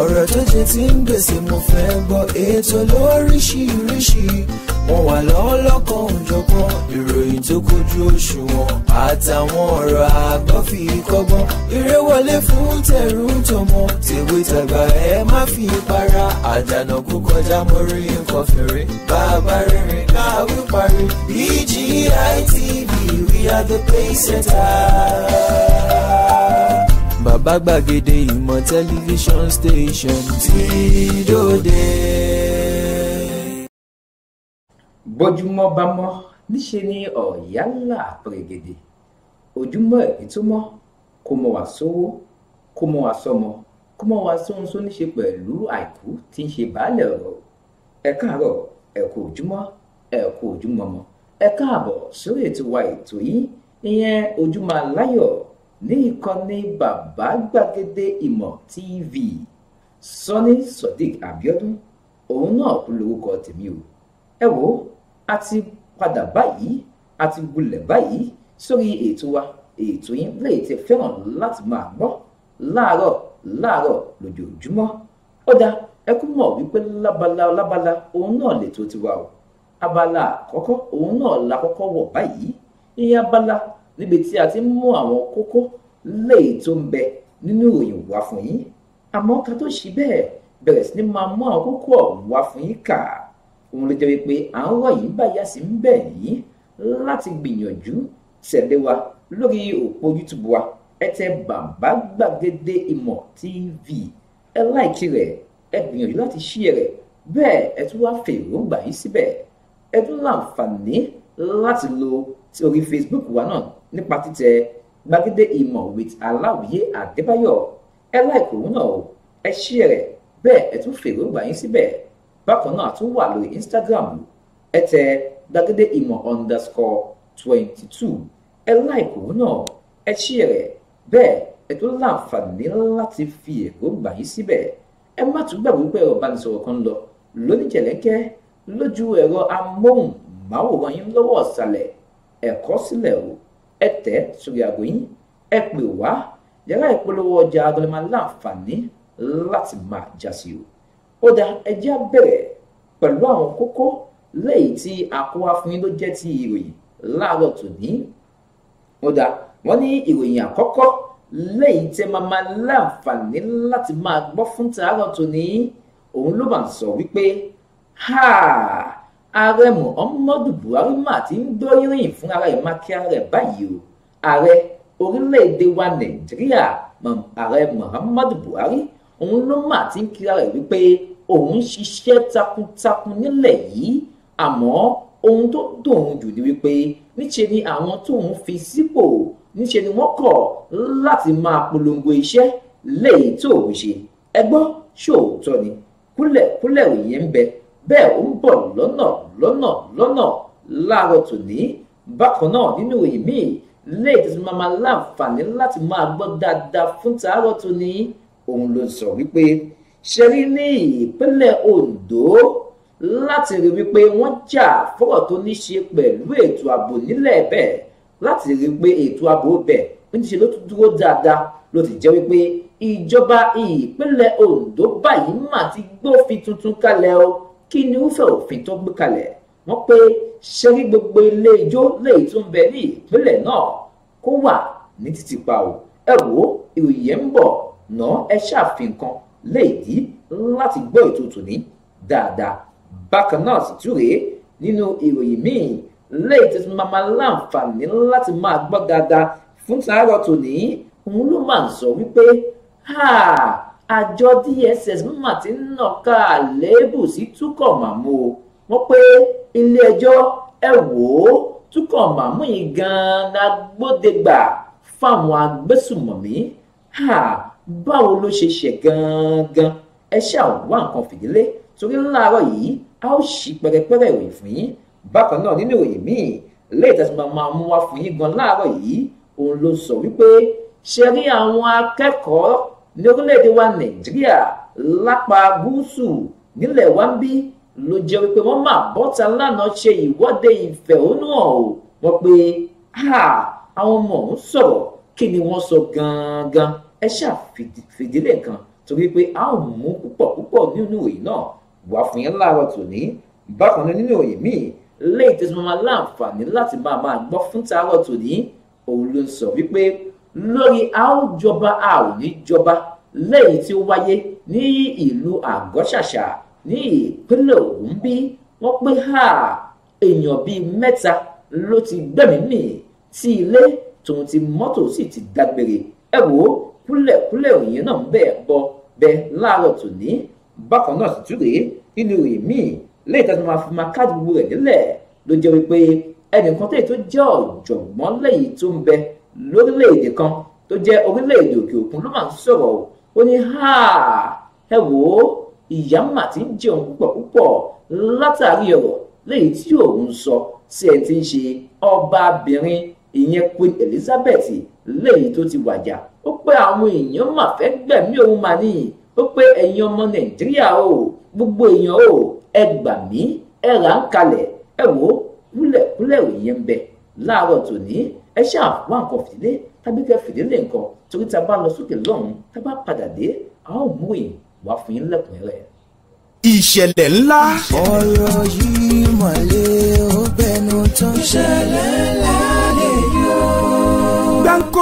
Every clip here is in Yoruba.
ọ̀rọ̀ tó jẹ ti ń gbèsè mo fẹ́ gbọ́ ètò lóríṣiríṣi wọn wà lọ́wọ́ lọ́kàn òjọ̀gbọ́n ìròyìn tó kojú òṣùwọ̀n àtàwọn ọ̀rọ̀ àgbọ́ fi kọ́gbọ́n eré wọlé fún tẹ̀rù tọmọ tèwe tàgbà ẹ má fi para àdànà kó kọjá mo nǹkan fèrè bàbá rìnrìn káwé parí BGI e TV we are the pace setters bàbá gbàgede ìmọ̀ tẹlifíṣọ̀n station ti dòde. bójúmọ́ bá mọ́ níṣe ni ọ̀yálà pèrègèdè ojúmọ́ èyí tó mọ́ kó mọ́ wá sówó kó mọ́ wá sọ́mọ kó mọ́ wá sóhun tó níṣe pẹ̀lú àìkú tí ń ṣe baálẹ̀ ọ̀rọ̀ ẹ káàárọ̀ ẹ kú ojúmọ́ ẹ kú ojúmọ́ mọ́ ẹ káàbọ̀ sórí ètò wa ètò yìí ìyẹn ojúmọ́ aláyọ̀ ní ìkànnì bàbá gbàgede ìmọ̀ tv Sunny Sodiq Abiodun òun náà kú lórúkọ tèmi o ẹ wo a ti padà báyìí a ti gulẹ̀ báyìí sórí ètò wa ètò yín lè tẹ fẹ́ràn láti máa gbọ́ láàárọ̀ láàárọ̀ lójoojúmọ́ ó dá ẹ kú mọ̀ wípé lábala lábala òun náà lè tó tiwa o abala àkọ́kọ́ òun náà la kọ́kọ́ wọ̀ báyìí ìyẹn abala níbi tí a ti ń mú àwọn kókó léyìí tó ń bẹ nínú ìròyìn wá fún yín àmọ́ ká tó ṣe bẹ́ẹ̀ bẹ̀rẹ̀ sí ni máa mú àwọn kókó ọ̀hún wá fún yín kà òun ló jẹ́ wípé à ń rọ̀ yín báyà sí ń bẹ̀ yín láti gbìyànjú tẹ̀lé wa lórí òpó YouTube wa ẹ bàbá gbàgede ìmọ̀ TV ẹ láìkí rẹ̀ ẹ gbìyànjú láti ṣí rẹ̀ bẹ́ẹ̀ ẹ tún wá fèròǹgbà yín síbẹ̀ ẹ tún láǹfààní láti lo ti orí Facebook wa náà nípa títẹ gbàgede ìmọ̀ with aláwìyé àdébáyọ̀ ẹ láìpẹ́ òun náà o ẹ ṣí ẹ rẹ̀ bẹ́ẹ̀ ẹ tún fèrògbà yín síbẹ̀ bákan náà tún wà lórí Instagram ẹ tẹ gbàgede ìmọ̀ underscore twenty two ẹ láìpẹ́ òun náà ẹ ṣí ẹ rẹ̀ bẹ́ẹ̀ ẹ tún láǹfààní láti fi èròǹgbà yín síbẹ̀ ẹ má tún gbàgbé pé ọ̀rọ̀ ìbánisọ̀rọ̀ kan lọ lóníjẹ̀lẹ́kẹ́ lójú ẹ̀rọ amóhùnmáwòrán yín lọ́wọ́ ọ̀sàlẹ̀ ẹ̀kọ́ sílẹ̀ o Ete tẹ̀ sórí aago yín ẹ pè wá yàrá ìpolówó ọjà agọlẹ́mà láǹfààní láti máa já sí o. ó dá ẹjẹ́ á bẹ̀rẹ̀ pẹ̀lú àwọn kókó lẹ́yìn tí àkówá fún yín ló jẹ́ ti ìròyìn láàárọ̀ tòní. ó dá wọ́n ní ìròyìn àkọ́kọ́ lẹ́yìn tẹ́ máa máa láǹfààní láti máa gbọ́ fún tààrọ̀ tòní òun ló máa sọ wípé háà ààrẹ muhammadu buhari mà ti ń gbóríyìn fún ara ìmákíá rẹ̀ báyìí o ààrẹ orílẹ̀-èdè wa nàìjíríà ààrẹ muhammadu buhari òun ló mà ti ń kíra rẹ̀ wípé òun ṣiṣẹ́ takuntakun nílẹ̀ yìí àmọ́ ohun tó dùn jù ni wípé níṣe ni àwọn tóun fi sípò níṣe ni wọ́n kọ̀ láti máa polongo iṣẹ́ léyìí tó ṣe ẹgbọ́n ṣòótọ́ ni kúlẹ̀kúlẹ̀ òye ń bẹ bẹ́ẹ̀ ó ń bọ̀ lọ́nà lọ́nà lọ́nà láàárọ̀ tòní bákan náà nínú èyí míì léèdì tí máa máa láǹfààní láti máa gbọ́ dáadáa fún tàárọ̀ tòní òun ló sọ wípé ṣe rí ní ìpínlẹ̀ Ondo láti rí wípé wọ́n jà fọ́rọ̀ tó ní ṣe pẹ̀lú ètò ààbò nílẹ̀ bẹ́ẹ̀ láti rí wípé ètò ààbò bẹ́ẹ̀ níṣẹ́ ló dúró dáadáa ló ti jẹ́ wípé ìjọba ìpínlẹ̀ Ondo báyìí mà ti gbófin tuntun kalẹ̀ o kí ni irúfẹ́ òfin tó gbé kalẹ̀ wọ́n pé ṣé rí gbogbo ilé ijó léyìí tó ń bẹ ní ìpínlẹ̀ náà kó wà ní títì pa o ẹ wò ó ìròyìn ẹ̀ ń bọ̀ ná ẹ ṣàfihàn kan léyìí láti gbọ́ ètò ní dáadáa bákan náà sì tún rèé nínú ìròyìn míì léyìí tó ti láǹfààní láti máa gbọ́ dáadáa fún tààrọ̀ tòní òun ló máa ń sọ wípé àjọ dss mà ti ń nàka àléébù sí túkọ̀ màmú o wọ́n pé ilé-ẹjọ́ ẹ wò ó túkọ̀ màmú yìí gan-an la gbódegbà fáwọn agbésùmọ̀mí báwo ló ṣe ṣe gangan ẹ ṣàwọ́ nǹkan fìdílé torí láàárọ̀ yìí a ó ṣì pẹ̀rẹ̀pẹ̀rẹ̀ ìròyìn fún yín bákan náà nínú ìròyìn míì léyìí tẹ̀sí máa máa mú wá fún yín gan láàárọ̀ yìí òun ló sọ wípé ṣe rí àwọn akẹ́kọ̀ọ́ ní orílẹ̀-èdè wa nàìjíríà lápá gúúsù nílẹ̀ wa ń bí ló jẹ́ wípé wọ́n máa bọ́ta lánàá ṣe ìwọ́de ìfẹ̀hónúhàn o wọ́n pé àwọn ọmọ ọ̀hún sọ̀rọ̀ kí ni wọ́n sọ gangan ẹ ṣáà kan torí pé a ò mú púpọ̀ púpọ̀ nínú ìròyìn náà wà fún yín láàárọ̀ tòní bákan nínú ìròyìn míì léyìí tó ti máa láǹfààní láti máa máa gbọ́ fún tààrọ̀ tòní òun ló ń sọ wípé lórí àwùjọba a ò ní jọba lẹ́yìn tí ó wáyé ní ìlú àgọ́ṣàṣà ní ìpínlẹ̀ Ògùn bí wọ́n pé ha èèyàn bíi mẹ́ta ló ti gbẹ̀mí mì tí ilé tòun ti mọ́tò sì ti dágbére ẹ wò ó kúlẹ̀kúlẹ̀ òyìn náà ń bẹ̀ bọ bẹ láàárọ̀ tòní bákan náà sì tún rèé nínú ìmí lẹ́yìn tí a fi máa káàdì gbogbo rẹ̀ nílẹ̀ ló jẹ́ wípé ẹnìkan tẹ̀yìn tó jẹ́ ọ̀jọ̀gbọ́n lẹ́yìn tó ń bẹ lórílẹ̀‐èdè kan tó jẹ́ orílẹ̀‐èdè òkè òkun ló máa ń sọ̀rọ̀ ó ní ẹ wò ó ìyá mà ti ń jẹun púpọ̀ púpọ̀ látàrí ọ̀rọ̀ léyìí tí òun sọ sí ẹ ti ń ṣe ọbabìnrin ìyẹn Queen Elizabeth léyìí tó ti wàjà ó pé àwọn èèyàn mà fẹ́ gbẹ̀mí òun mà níyìn ó pé ẹ̀yin ọmọ Nàìjíríà o gbogbo èèyàn o ẹ gbà mí ẹ rà ń kalẹ̀ ẹ wò ó kúlẹ̀kúlẹ̀ òyìn ń bẹ láàárọ̀ tòní ẹ ṣáà wá nǹkan fìdílé tàbí kẹ́ fìdílé nǹkan torí tá a bá lọ sókè lọ́hùn-ún tá a bá padà dé a ó mú ì wá fún yín lẹ́kùn ìṣẹ̀lẹ̀ ńlá. ọ̀rọ̀ yìí mọ̀lẹ́ ó bẹnu tán. ìṣẹ̀lẹ̀ ńlá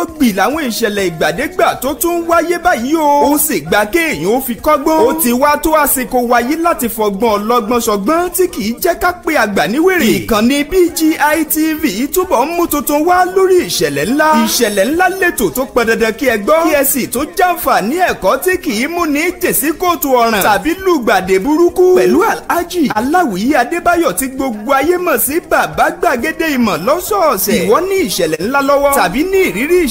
gbòòrògbì làwọn ìṣẹ̀lẹ̀ ìgbàdégbà tó tún ń wáyé báyìí o. ó sì gba kéèyàn ó fi kọ́gbọ́n. ó ti wá tó àsìkò wáyé láti fọgbọ́n ọlọ́gbọ́n ṣọgbọ́n tí kì í jẹ́ ká pé àgbà níwèrè. ìkànnì BGI TV túbọ̀ ń mú tuntun wá lórí ìṣẹ̀lẹ̀ ńlá. ìṣẹ̀lẹ̀ ńlá lètò tó pọn dandan kí ẹ gbọ́. kí ẹ sì tó jàǹfà ní ẹ̀kọ́ tí kì í mú ní tèsí kóòtù ọ̀ràn. tàbí lùgbàdé burúkú. pẹ̀lú alhaji aláwìyí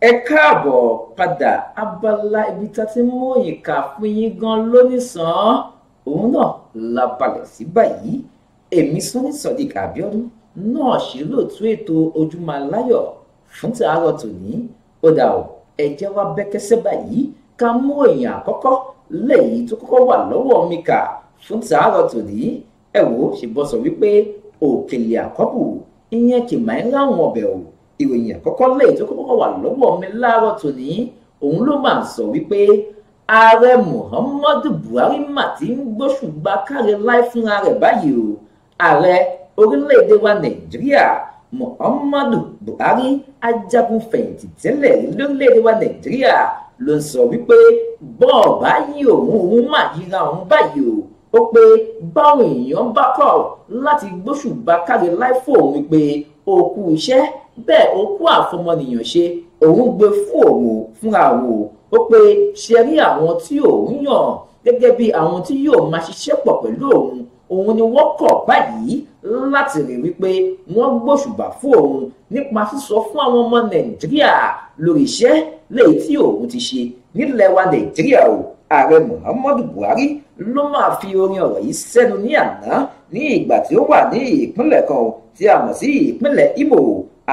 ẹ káàbọ̀ padà abala ibi tá a ti mú ìka fún yín gan lónìsàn òun náà la balẹ̀ sí báyìí èmi Sọ́ní Sodiq Abíọ́dún náà ṣì lóòtú ètò Ojúmọ́ Aláyọ̀ fún tààrọ̀ tòní ó dà o ẹ jẹ́ wá bẹ́kẹ́sẹ́ báyìí ká mú èèyàn àkọ́kọ́ lẹ́yìn tó kọ́kọ́ wà lọ́wọ́ mi kà fún tààrọ̀ tòní ẹ wò ó ṣe bọ́ sọ wípé òkèlè àkọ́kù ìyẹn kì máa ń láwọn ọbẹ̀ o ìròyìn àkọ́kọ́ lẹ́yìn tó kọ́kọ́ wà lọ́wọ́ mi láàárọ̀ tòní òun ló máa sọ wípé ààrẹ Muhammadu Buhari mà ti ń gbóṣùgbà káre láì fúnra rẹ̀ báyìí o ààrẹ orílẹ̀-èdè wa Nàìjíríà Muhammadu Buhari ajagunfẹ̀yìntì tẹ́lẹ̀ lórílẹ̀-èdè wa Nàìjíríà ló ń sọ wípé bọ́ọ̀bá yí òun òun mà yíra òun báyìí o ó pé báwọn èèyàn bá kọ̀ láti gbóṣùgbà káre láì fún òun pé òkú iṣẹ́ bẹ́ẹ̀ òkú àfọmọnìyàn ṣe òun gbé fún òun fúnra òun ó pé ṣe rí àwọn tí òun yàn gẹ́gẹ́ bí àwọn tí yóò máa ṣiṣẹ́ pọ̀ pẹ̀lú òun òun ni wọ́n kọ̀ báyìí láti rí wípé wọ́n gbóṣùbà fún òun nípa sísọ fún àwọn ọmọ nàìjíríà lórí iṣẹ́ léyìí tí òun ti ṣe nílẹ̀ wa nàìjíríà o ààrẹ muhammadu buhari ló máa fi orin ọ̀rọ̀ yìí sẹ́nu ní àná ní ìgbà tí ó wà ní ìpínlẹ̀ kan tí a mọ̀ sí ìpínlẹ̀ imo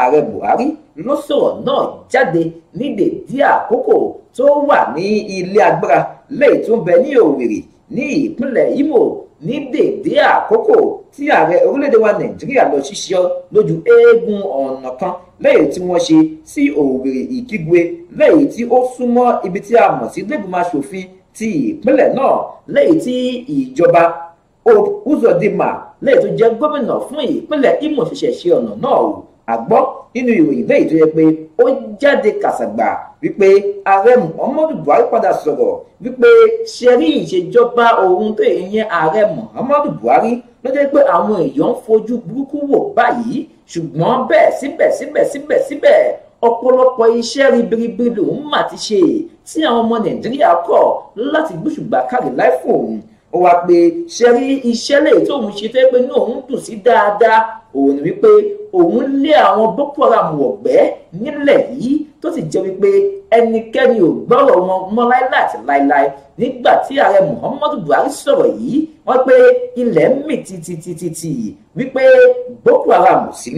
ààrẹ buhari ló sọ̀rọ̀ náà jáde ní dèdí àkókò tó wà ní ilé agbára lẹ́yìn tó ń bẹ ní òwèrè ní ìpínlẹ̀ imo ní dèdé àkókò tí ààrẹ orílẹ̀-èdè wa nàìjíríà lọ ṣiṣẹ́ lójú eégún ọ̀nà kan lẹ́yìn tí wọ́n ṣe sí òwèrè ìkígbe lẹ́yìn tí ó súnmọ́ ibi tí a mọ̀ sí lẹ́gbọ̀n aṣòfin ti ìpínlẹ̀ náà lẹ́yìn tí ìjọba Uzodinma lẹ́yìn tó jẹ́ gómìnà fún ìpínlẹ̀ Imo ṣẹ̀ṣẹ̀ ṣe ọ̀nà náà o àgbọ́ nínú ìròyìn lẹ́yìn tó yẹ pé ó jáde kàṣàgbà wípé ààrẹ Muhammadu Buhari padà sọ̀rọ̀ wípé ṣe rí ìṣèjọba ohun tó ìyẹn ààrẹ Muhammadu Buhari ló jẹ́ pé àwọn èèyàn ń fojú burúkú wò báyìí ṣùgbọ́n bẹ́ẹ̀ síbẹ̀síbẹ̀síbẹ̀síbẹ̀ ọ̀pọ̀lọpọ̀ iṣẹ́ ribiribi lòun mà ti ṣe tí àwọn ọmọ nàìjíríà kọ̀ láti gbóṣùgbà kárí láì fòun ó wá pé ṣe rí iṣẹ́ lè tóun ṣe fẹ́ pé ní òun dùn sí dáadáa òun ni wípé òun lé àwọn boko haram wọ̀gbẹ́ nílẹ̀ yìí tó sì jẹ́ wípé ẹnikẹ́ni ò gbọ́rọ̀ wọn mọ́ láíláí àti láíláí nígbà tí ààrẹ muhammadu buhari sọ̀rọ̀ yìí wọ́n pé ilẹ̀ ń mì tìtìtìtì wípé boko haram ò sí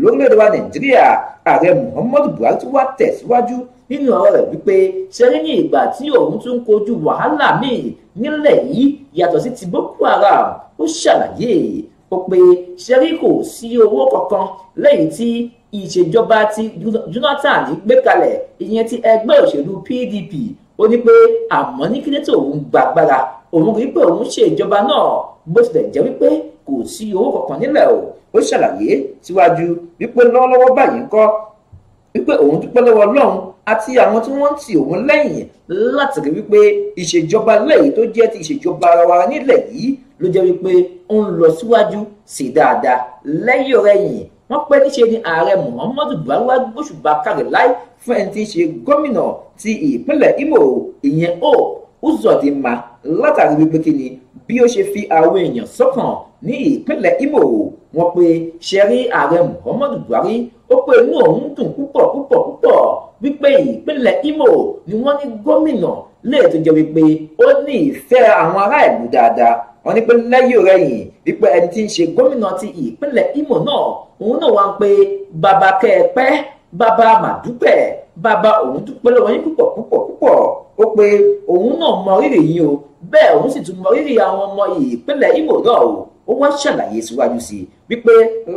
lórílẹ̀‐èdè wa nàìjíríà ààrẹ muhammadu buhari tún wá tẹ̀síwájú nínú ọ̀rọ̀ rẹ̀ wípé ṣe ní ìgbà tí òun tún kojú wàhálà míì nílẹ̀ yìí yàtọ̀ sí ti boko haram ó ṣàlàyé ó pé ṣẹ́rí kò sí owó kankan lẹ́yìn tí ìṣèjọba ti Jonathan gbé kalẹ̀ ìyẹn ti ẹgbẹ́ òṣèlú PDP ó ní pé àmọ́ ní kílẹ̀ tó òun gbàgbára òun rí pé òun ṣe ìjọba náà bó tilẹ̀ jẹ́ wípé kò sí owó kankan nílẹ̀ o ó ṣàlàyé síwájú wípé lọ́wọ́lọ́wọ́ báyìí ń kọ́ wípé òun dúpẹ́ lọ́wọ́ Ọlọ́run àti àwọn tí wọ́n ń tì òun lẹ́yìn láti rí wípé ìṣèjọba lẹ́yìn tó jẹ́ ti ìṣèjọba ara wa nílẹ̀ yìí ló jẹ́ wípé ó ń lọ síwájú sí dáadáa lẹ́yìn ọ̀rẹ́yìn wọ́n pẹ́ níṣe ni ààrẹ Muhammadu Buhari wá gbóṣùbà kárìláì fún ẹni tí í ṣe gómìnà ti ìpínlẹ̀ Imo ìyẹn o Uzodinma látàrí wípé kí ni bí ó ṣe fi àwọn èèyàn sọ́kàn ní ìpínlẹ̀ Imo wọ́n pé ṣe rí ààrẹ Muhammadu Buhari ó pé inú òun dùn púpọ̀ púpọ̀ púpọ̀ wípé ìpínlẹ̀ Imo ni wọ́n ní gómìnà léè tó jẹ́ wípé ó ní ìfẹ́ àwọn ará ìlú dáadáa wọ́n ní pé lẹ́yìn rẹ̀yìn wípé ẹni tí ń ṣe gómìnà ti ìpínlẹ̀ Imo náà òun náà wá ń pe bàbá kẹ́ẹ̀pẹ́ bàbá màdúpẹ́ bàbá òun dúpẹ́ lọ́wọ́ yín púpọ̀ púpọ̀ púpọ̀ ó pé òun náà mọ rírì yín o bẹ́ẹ̀ òun sì tún mọ rírì àwọn ọmọ ìpínlẹ̀ Imo náà o ó wá ṣàlàyé síwájú sí i wípé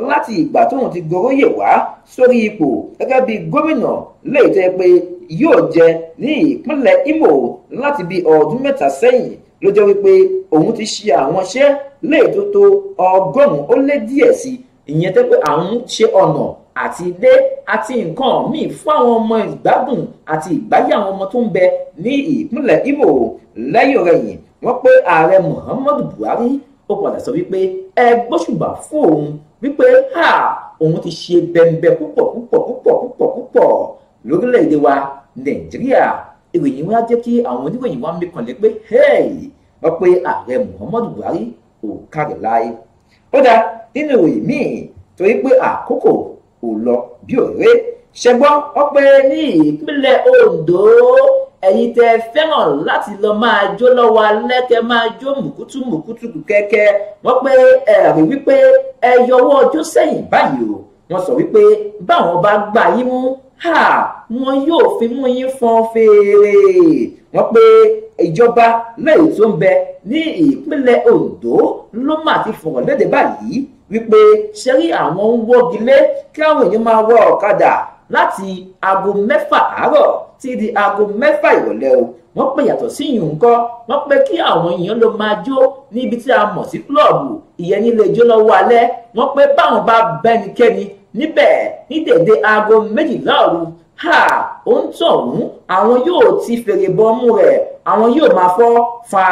láti ìgbà tóun ti goróyè wá sórí ipò gẹ́gẹ́ bí gómìnà léyìí tẹ́ pé yóò jẹ ní ìpínlẹ̀ Imo láti bí ọdún mẹ́ta sẹ́yìn ló jẹ́ wípé òun ti ṣe àwọn iṣẹ́ léyìí tó tó ọgọ́rùn-ún ó lé díẹ̀ sí ìyẹn tẹ́ pé àwọn ṣe ọ̀nà àti ilé àti nǹkan míì fún àwọn ọmọ ìgbádùn àti ìgbáyé àwọn ọmọ tó ń bẹ ní ìpínlẹ̀ Imo lẹ́yìn rẹ̀yìn wọ́n pé ààrẹ Muhammadu Buhari ó padà sọ wípé ẹ gbóṣùbà fún òun wípé ha òun ti ṣe bẹ́ńbẹ́ púpọ̀ púpọ̀ púpọ̀ púpọ̀ púpọ̀ lórílẹ̀‐èdè wa nàìjíríà ìròyìn wa jẹ́ kí àwọn oníròyìn wa mẹ́kànlẹ́ pé hey wọ́n pe ààrẹ muhammadu buhari ò kárẹ̀ láyé ó dá nínú ìròyìn míì torí pé àkókò ò lọ bí òré ṣẹgbọ́n ó pé ní ìpínlẹ̀ ondo ẹ̀yin tẹ́ fẹ́ràn láti lọ máa jó lọ́wọ́ alẹ́ kẹ́ máa jó mùkútù mùkútù kẹ́kẹ́ wọ́n pé ẹ̀rí wípé ẹ yọwọ́ ọjọ́ sẹ́yìn báyìí o wọ́n sọ wípé báwọn bá gbà yín mú wọn yóò fi mú yín fọn fèrè wọ́n pé ìjọba lẹ́yìn tó ń bẹ ní ìpínlẹ̀ Ondo ló mà ti fọ̀rọ̀ léde báyìí wípé ṣe rí àwọn ń wọ́gi kí àwọn èèyàn máa wọ ọ̀kadà láti aago mẹ́fà àárọ̀ tí di aago mẹ́fà ìrọ̀lẹ́ o wọ́n pè yàtọ̀ sí ìyún ńkọ́ wọ́n pé kí àwọn èèyàn ló máa jó níbi tí a mọ̀ sí klọ́ọ̀bù ìyẹn nílé ijó lọ́wọ́ alẹ́ wọ́n pé báwọn bá bẹ́nikẹ́ni níbẹ̀ ní dédé aago méjìlá òru ha ó ń tọ̀hún àwọn yóò ti fèrè bọ́mú rẹ̀ àwọn yóò máa fọ́ fa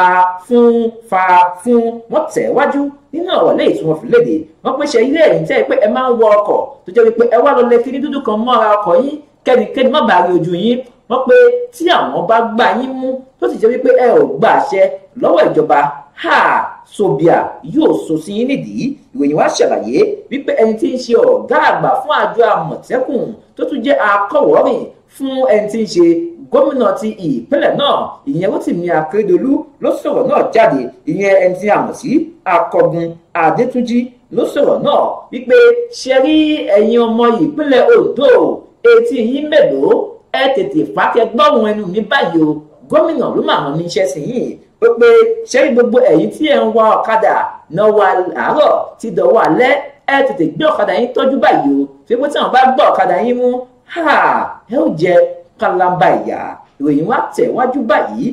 fún fa fún wọ́n tẹ̀ nínú ọ̀rọ̀ lẹ́yìn tí wọ́n fi léde wọ́n pín ilé ẹ̀yìn tẹ́ ẹ pé ẹ máa ń wọ ọkọ̀ tó jẹ́ wípé ẹ wá lọ lẹ kiri dúdú kan mọ́ra ọkọ̀ yín kẹ́nikẹ́ni má bàa rí ojú yín wọ́n pé tí àwọn bá gbà yín mú tó sì jẹ́ wípé ẹ ò gba àṣẹ lọ́wọ́ ìjọba ha sobia yóò so sí yín nídìí ìròyìn wá ṣàlàyé wípé ẹni tí ń ṣe ọ̀gá àgbà fún àjọ àmọ̀tẹ́kùn tó tún jẹ́ akọ̀wọ́rìn fún ẹni tí ń ṣe gómìnà ti ìpínlẹ̀ náà ìyẹn Rotimi Akérédolú ló sọ̀rọ̀ náà jáde ìyẹn ẹni tí a mọ̀ sí akọgun Adétúnjì ló sọ̀rọ̀ náà wípé ṣe rí ẹ̀yin ọmọ ìpínlẹ̀ Ondo etí yín mélòó ẹ tètè fàákẹ́ gbọ́hùn ẹnu mi báyìí o gómìnà ló mà wọn níṣẹ́ sí yìí ó pé ṣé gbogbo ẹ̀yin tí ẹ̀ ń wa ọ̀kadà náà wà àárọ̀ ti dọ̀wọ́ alẹ́ ẹ tètè gbé ọ̀kadà yín tọ́jú báyìí o fipó tí wọn bá gbọ́ ọ̀kadà yín mú ẹ ó jẹ kálábà ìyá ìròyìn wa tẹ̀ wájú báyìí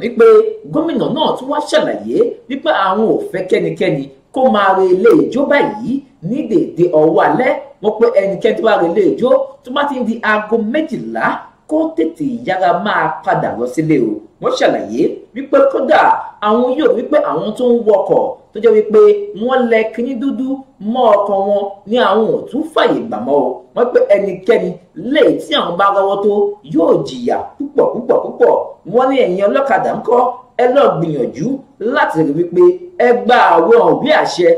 wípé gómìnà náà tún wá ṣàlàyé wípé àwọn ò fẹ́ kẹ́nikẹ́ni kó máa re ilé ìjó báyìí ní dèdè ọwọ́ alẹ́ wọ́n pé ẹnikẹ́ni tó bá re ilé ìjó tó bá ti di aago méjìlá kó tètè yára máa padà lọ sílé o wọ́n ṣàlàyé wípé kódà àwọn yóò wípé àwọn tó ń wọkọ̀ tó jẹ́ wípé wọ́n lẹ kíní dúdú mọ́ ọkọ̀ wọn ní àwọn ò tún fàyè gbà mọ́ o wọ́n pé ẹnikẹ́ni léè tí àwọn bá rọwọ́ tó yóò jìyà púpọ̀ púpọ̀ púpọ̀ wọ́n ní ẹ̀yin ọlọ́kadà ńkọ́ ẹ lọ gbìyànjú láti rí wípé ẹ gba àwọn òbí àṣẹ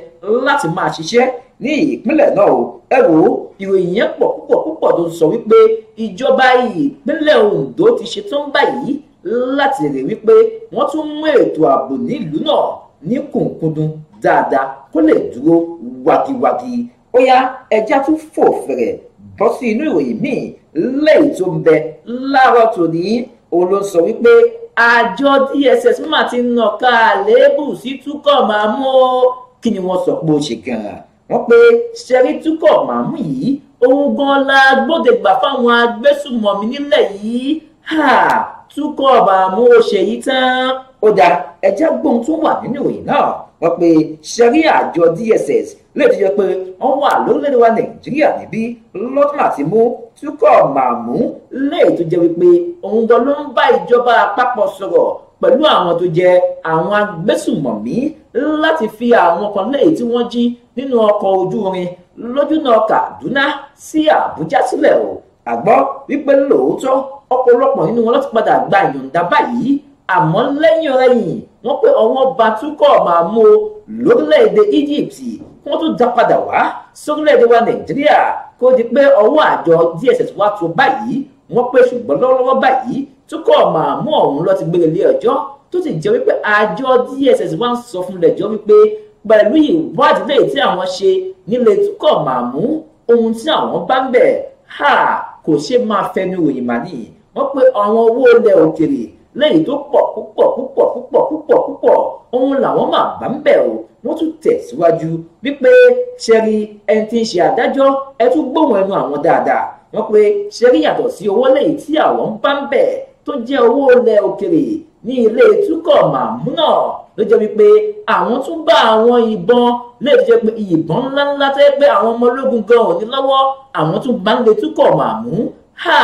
láti máa ṣiṣẹ́ ní ìpínlẹ̀ náà o ẹ wò ó ìròyìn yẹn pọ̀ púpọ̀ púpọ̀ tó sọ wípé ìjọba ìpínlẹ̀ Ondo ti ṣetán báyìí láti rí wípé wọ́n tún mú ètò ààbò nílùú náà ní kùnkùndùn dáadáa kó lè dúró wagiwagi ó yá ẹja tún fò fẹ̀rẹ̀ bọ́ sí inú ìròyìn míì lẹ́yìn tó ń bẹ láàárọ̀ tòní òun ló sọ wípé àjọ DSS mà ti nà ká àléébù sí túkọ̀ máa mú ó kí ni wọ́n sọ pé ó ṣe gan-an wọ́n pé ṣẹ́rí túkọ̀ máa yìí òun gan la gbọ́dọ̀ gbà fáwọn agbésùnmọ̀mí nílẹ̀ yìí túkọ̀ bàmú ṣe yìí tán ó dá ẹjẹ́ gbóhun tó wà nínú ìròyìn náà wọ́n pe ṣẹ́rí àjọ DSS lè ti jẹ́ pé wọ́n wà lórílẹ̀‐èdè wa Nàìjíríà níbí lọ́dún àti mú túkọ̀ màmú lè tó jẹ́ wípé òun gan ló ń bá ìjọba àpapọ̀ sọ̀rọ̀ pẹ̀lú àwọn tó jẹ́ àwọn agbésùmọ̀mí láti fi àwọn kan lẹ́yìn tí wọ́n jí nínú ọkọ̀ ojú irin lójúnà Kaduna sí Àbújá sílẹ̀ o a gbọ́ wípé lóòótọ́ ọ̀pọ̀lọpọ̀ nínú wọn láti padà gba ìyọ̀ǹda báyìí àmọ́ lẹ́yìn ọ̀rẹ́yìn wọ́n pé ọ̀wọ́n ba túkọ̀ máa mú o lórílẹ̀‐èdè Egypt wọ́n tún dá padà wá sórílẹ̀‐èdè wa Nàìjíríà kó di pé ọwọ́ àjọ DSS wá tó báyìí wọ́n pé ṣùgbọ́n lọ́wọ́lọ́wọ́ báyìí túkọ̀ máa mú ọ̀hún lọ gbére ilé ọjọ́ tó ti jẹ́ wípé àjọ DSS wá ń sọ fún lẹ́jọ́ wípé pẹ̀lú ìwádìí lẹ́yìn tí àwọn ṣe nílé túkọ̀ máa mú ohun tí àwọn bá ń bẹ̀ ha kò ṣe máa fẹnu ròyìn mà nìyí wọ́n pé àwọn owó ilẹ̀ òkèrè lẹ́yìn tó pọ̀ púpọ̀ púpọ̀ púpọ̀ púpọ̀ púpọ̀ òun làwọn máa bá ń bẹ̀ o wọ́n tún tẹ̀síwájú wípé ṣẹ́rí ẹni tí ń ṣe adájọ́ ẹ tún gbóhùn ẹnu àwọn dáadáa wọ́n pé ṣẹ́rí yàtọ̀ sí owó lẹ́yìn tí àwọn ń bá ń bẹ̀ tó jẹ́ owó ilẹ̀ òkèrè ní ilé túkọ̀ màmúnà ló jẹ́ wípé àwọn tún bá àwọn ìbọn lè jẹ́ pé ìbọn ńláńlá tó yẹ pé àwọn ọmọ ológun gan ò ní lọ́wọ́ àwọn tún bá ń lè túkọ̀ màmú ha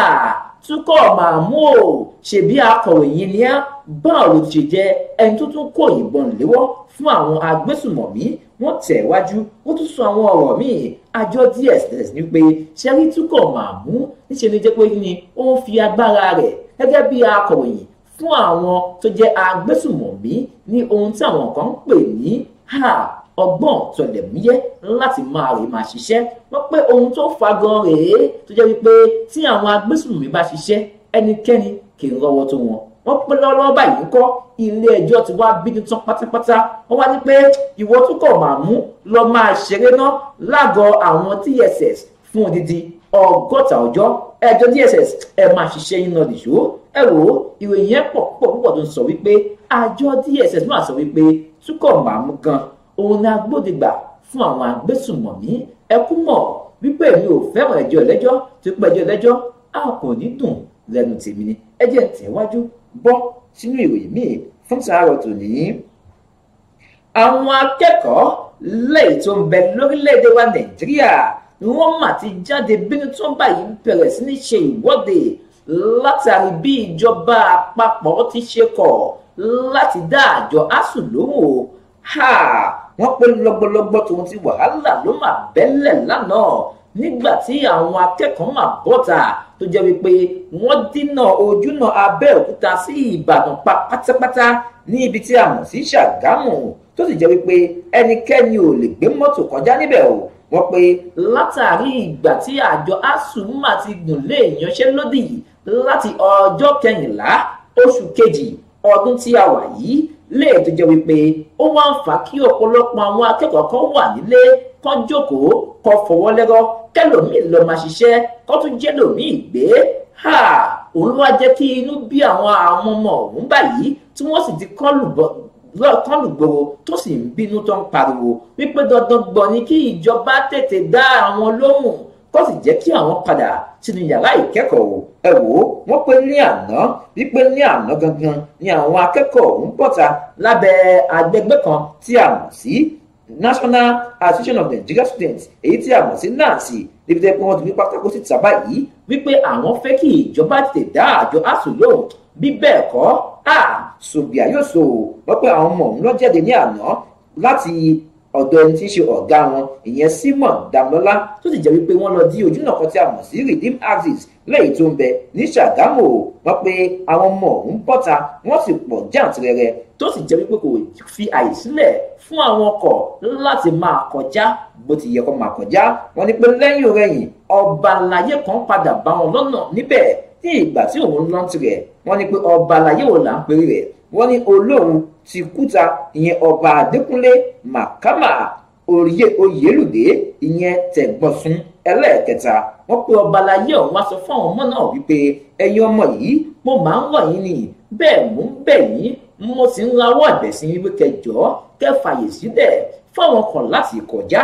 túkọ̀ màmú o ṣèbí akọ̀ròyìn ni á báwo ló ti ṣe jẹ́ ẹni tó tún kó ìbọn léwọ́ fún àwọn agbésùmọ̀mí wọ́n tẹ̀ wájú wọ́n tún sọ àwọn ọ̀rọ̀ míì àjọ DSS ní pé ṣẹ́rí túkọ̀ màmú níṣẹ́ ló jẹ́ pé ní ó ń fi agbára rẹ̀ gẹ́gẹ́ bí akọ̀ròyìn fún àwọn tó jẹ́ agbésùmọ̀mí ní ohun tí àwọn kan ń pè ní ọgbọ́n tọ̀lẹ̀múyẹ́ láti máa rèé máa ṣiṣẹ́ wọ́n pé ohun tó fa gan rèé tó jẹ́ wípé tí àwọn agbésùnmí bá ṣiṣẹ́ ẹnikẹ́ni kì í rọwọ́ tó wọn wọ́n pé lọ́wọ́ báyìí ń kọ́ ilé ẹjọ́ ti wá bínú tán pátápátá wọ́n wá ní pé ìwọ tún kọ̀ máa ṣeré ná lágọ̀ọ́ àwọn TSS fún odidi ọgọ́ta ọjọ́ ẹjọ́ DSS ẹ máa ṣiṣẹ́ yín náà nìṣó ẹ wò ó ìròyìn yẹn pọ̀ púpọ̀ púpọ̀ tó ń sọ wípé àjọ DSS máa sọ wípé túkọ̀ màmú gan òun ni agbódegbà fún àwọn agbésùnmọ̀mí ẹ kú mọ̀ wípé mi ò fẹ́ràn ẹjọ́ ẹlẹ́jọ́ tó pẹ́ ẹjọ́ ẹlẹ́jọ́ a kò ní dùn lẹ́nu tèmi ni ẹ jẹ́ tẹ̀wájú bọ́ sínú ìròyìn míì fún sàárọ̀ tòní. àwọn akẹ́kọ̀ọ́ lẹ́yìn tó ń bẹ lórílẹ̀‐èdè wa Nàìjíríà ni wọ́n mà ti jáde bínú tó báyìí bẹ̀rẹ̀ sí ní ṣe ìwọ́de látàrí bí ìjọba àpapọ̀ ti ṣe kọ̀ láti dá àjọ asuu lóhùn o wọ́n pé lọ́gbọ́lọ́gbọ́ tòun ti wàhálà ló mà bẹ́lẹ̀ lánàá nígbà tí àwọn akẹ́kọ̀ọ́ mà bọ́ta tó jẹ́ wípé wọ́n dínà ojúnà Abẹ́òkúta sí Ìbàdàn pa pátápátá ní ibi tí a mọ̀ sí Ṣàgámù tó sì jẹ́ wípé ẹnikẹ́ni ò lè gbé mọ́tò kọjá níbẹ̀ o wọ́n pé látàrí ìgbà tí àjọ asuma ti gùn lé ìyanṣẹ́lódì yìí láti ọjọ́ kẹyìnlá oṣù kejì ọdún tí a wà yìí lè tó jẹ́ wípé ó wá ń fà kí ọ̀pọ̀lọpọ̀ àwọn akẹ́kọ̀ọ́ kan wà nílé kan jókòó kan fọwọ́ lẹ́rọ́ kẹlòmíì lọ máa ṣiṣẹ́ kó tún jẹ́ lòmíì gbé òun wá jẹ́ kí inú bí àwọn àwọn ọmọ ọ̀hún báyìí tí wọ́n sì ti kán lùbọ́n tán lùgbòrò tó sì ń bínú tó ń pariwo wípé dandan gbọ̀n ni kí ìjọba tètè dá àwọn lóhùn kó sì jẹ́ kí àwọn padà sínú yàrá ìkẹ́kọ̀ọ́ ẹ wò ó wọ́n pé ní àná wípé ní àná gangan ni àwọn akẹ́kọ̀ọ́ ọ̀hún bọ́ta lábẹ́ agbègbè kan tí a mọ̀ sí National Association of Nigerian Students èyí tí a mọ̀ sí nancy níbi tẹ́ pé wọ́n ti fi pátákó sí tàbá yìí wípé àwọn fẹ́ kí ìjọba tètè dá àjọ ASUU lóhùn bí bẹ́ẹ̀ kọ́ a sobi àyòsò wọ́n pé àwọn ọmọ òun ló jáde ní àná láti ọ̀dọ̀ ẹni tí ń ṣe ọ̀gá wọn ìyẹn Simon Damlọ́lá tó sì jẹ́ wípé wọ́n lọ dí ojúnà kan tí a mọ̀ sí Redeem Axis lẹ́yìn tó ń bẹ ní Ṣàgámù wọ́n pé àwọn ọmọ òun bọ́ta wọ́n sì pọ̀ jàǹtìrẹrẹ tó sì jẹ́ wípé kò fi àyè sílẹ̀ fún àwọn ọkọ̀ láti máa kọjá bó ti yẹ kó máa kọjá wọ́n ní pé lẹ́yìn rẹ̀yìn ọba àlàyé kan padà bá wọn lọ́nà níbẹ̀ ní ìgbà tí òun ná tirẹ̀ wọ́n ní pé ọba àlàyé òun là ń pèrè rẹ̀ wọ́n ní olóhùn ti kúta ìyẹn ọba adékúnlé màkàmà òye oyèlùdé ìyẹn tẹ̀gbọ̀sùn ẹlẹ́ẹ̀kẹta wọ́n pe ọba àlàyé ọ̀hún wá sọ fún àwọn ọmọ náà wípé ẹ̀yin ọmọ yìí mo máa ń wọ̀ yín ni bẹ́ẹ̀ mò ń bẹ̀ yín mo sì ń rawọ́ ẹ̀bẹ̀ sí wípé kẹjọ kẹ fàyè sílẹ̀ fáwọn kan láti kọjá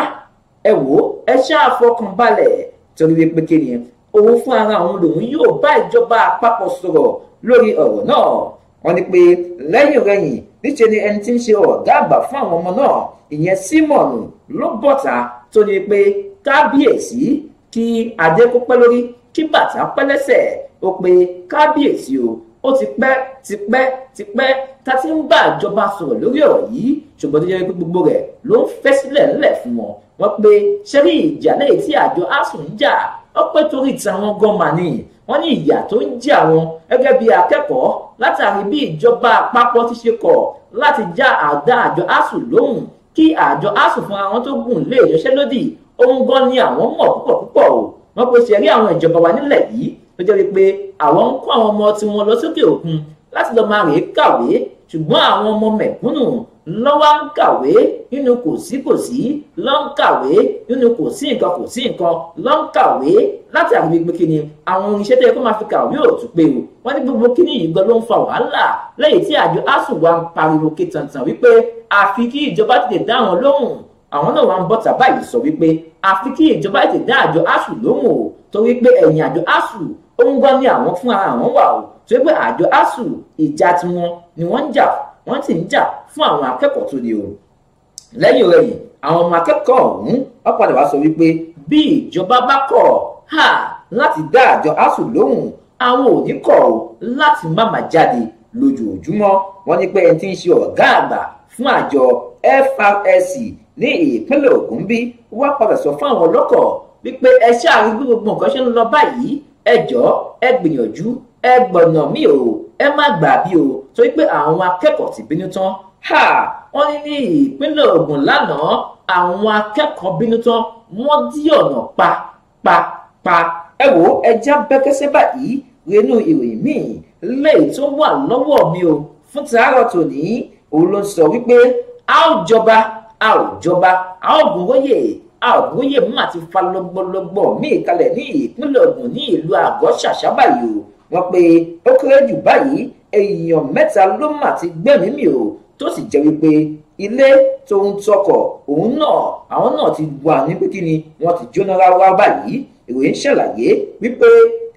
ẹ wò ẹ ṣáà fọkàn balẹ̀ torí wípé kí ni òun fún ara òun lòun yóò bá ìjọba àpapọ̀ sọ̀rọ̀ lórí ọ̀rọ̀ náà wọ́n ní pé lẹ́yìn rẹ̀yìn níṣe ni ẹni tí ń ṣe ọ̀gá àgbà fún àwọn ọmọ náà ìyẹn símọ̀nù ló bọ̀ta tó ní pé kábíyèsí kí adé kó pẹ́ lórí kí bàtà pẹ́ lẹ́sẹ̀ ó pé kábíyèsí o ó ti pẹ́ ti pẹ́ ti pẹ́ ta ti ń bá ìjọba sọ̀rọ̀ lórí ọ̀rọ̀ yìí ṣùgbọ́n tó jẹ́ pé gbogbo rẹ̀ ló ń fẹ́ sílẹ̀ ńlẹ̀ fún wọn wọ́n pe ṣẹ́rí ìjà lẹ́yìn tí àjọ asùn ń jà ó pé torí tàwọn gọ́mà ni wọ́n ní ìyà tó ń jà wọn gẹ́gẹ́ bí akẹ́kọ̀ọ́ látàrí bí ìjọba àpapọ̀ ti ṣe kọ̀ láti já àdá àjọ asùn lóhùn kí àjọ asùn fúnra wọn tó gùn lé ìyanṣẹ́lódì ohun gan ni àwọn mọ̀ púpọ̀ púpọ̀ o wọ́n pe ṣẹ́rí àwọn ìjọba wa nílẹ̀ yìí tó jẹ́ wípé àwọn ń kó àwọn ọmọ tiwọn lọ sókè òkun láti lọ́ọ́ máa rèé kàwé ṣùgbọ́n àwọn ọmọ mẹ̀kúnnù lọ́wọ́ ń kàwé nínú kò sí kò sí lọ́ ń kàwé nínú kò sí nǹkan kò sí nǹkan lọ́ ń kàwé láti àwọn gbogbo kíni àwọn irinṣẹ́ tó yẹ kó máa fi kàwé ò tún pé o wọ́n ní gbogbo kíni yìí gan ló ń fa wàhálà lẹ́yìn tí àjọ asùn wa ń pariwo ké tantan wípé àfi kí ìjọba tètè dá àwọn lóhùn àwọn náà wà ń bọ̀tà báyìí sọ wípé àfi kí ìjọba tètè dá àjọ asùn lóhùn o torí pé ẹ̀yìn àjọ asùn ó ń wá ní àwọn fún àwọn wà o tó pé àjọ asuu ìjà tiwọn ni wọ́n ń jà wọ́n sì ń jà fún àwọn akẹ́kọ̀ọ́ tó le o lẹ́yìn rẹ̀yìn àwọn ọmọ akẹ́kọ̀ọ́ ọ̀hún wọ́n padà wá sọ wípé bí ìjọba bá kọ̀ ha láti dá àjọ asuu lóhùn àwọn ò ní o láti má má jáde lójoojúmọ́ wọ́n ní pé ẹni tí ń ṣe ọ̀gá àgbà fún àjọ FRSC ní ìpínlẹ̀ Ògùn bí wọ́n padà sọ fún àwọn ọlọ́kọ̀ wípé ẹ ṣáà gbogbo nǹkan ṣe ń lọ báyìí ẹ jọ̀ọ́ ẹ gbìyànjú ẹ gbọ̀nà mi o ẹ má gbà bí o torí pé àwọn akẹ́kọ̀ọ́ ti bínú tán wọ́n ní ní ìpínlẹ̀ Ògùn lánàá àwọn akẹ́kọ̀ọ́ bínú tán wọ́n dí ọ̀nà pa pa pa ẹ wò ó ẹja bẹ́kẹ́sẹ́ báyìí rẹnu ìròyìn míì lẹ́yìn tó wà lọ́wọ́ mi o fún tàárọ̀ tòní òun ló sọ wípé a ó jọba a ó jọba a ó gùn wọ́yẹ̀ àwòye mà ti fa lọ́gbọ́lọ́gbọ́ míì kalẹ̀ ní ìpínlẹ̀ Ògùn ní ìlú àgọ́ ṣàṣà báyìí o wọ́n pe ó kéré jù báyìí èèyàn mẹ́ta ló mà ti gbẹ̀mí mi o tó sì jẹ́ wípé ilé tóun tọkọ̀ òun náà àwọn náà ti wà ní bíkíni wọ́n ti jóná ráwá báyìí ìròyìn ṣàlàyé wípé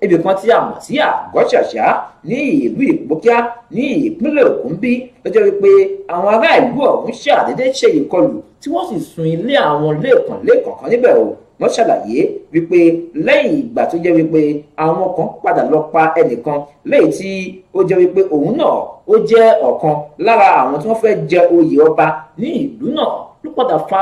ibì kan tí a mọ̀ sí àgọ́ ṣàṣà ní ìlú ìpókíá ní ìpínlẹ̀ Ògùn bí lọ́jọ́ wípé àwọn ará ìlú ọ̀hún ṣàdédé ṣe ìkọlù tí wọ́n sì sun ilé àwọn lẹ́ẹ̀kan lẹ́ẹ̀kan kan níbẹ̀ o wọ́n ṣàlàyé wípé lẹ́yìn ìgbà tó jẹ́ wípé àwọn kan padà lọ pa ẹnìkan lẹ́yìn tí ó jẹ́ wípé òun náà ó jẹ́ ọ̀kan lára àwọn tí wọ́n fẹ́ jẹ oyè ọba ní ìlú náà ló padà fa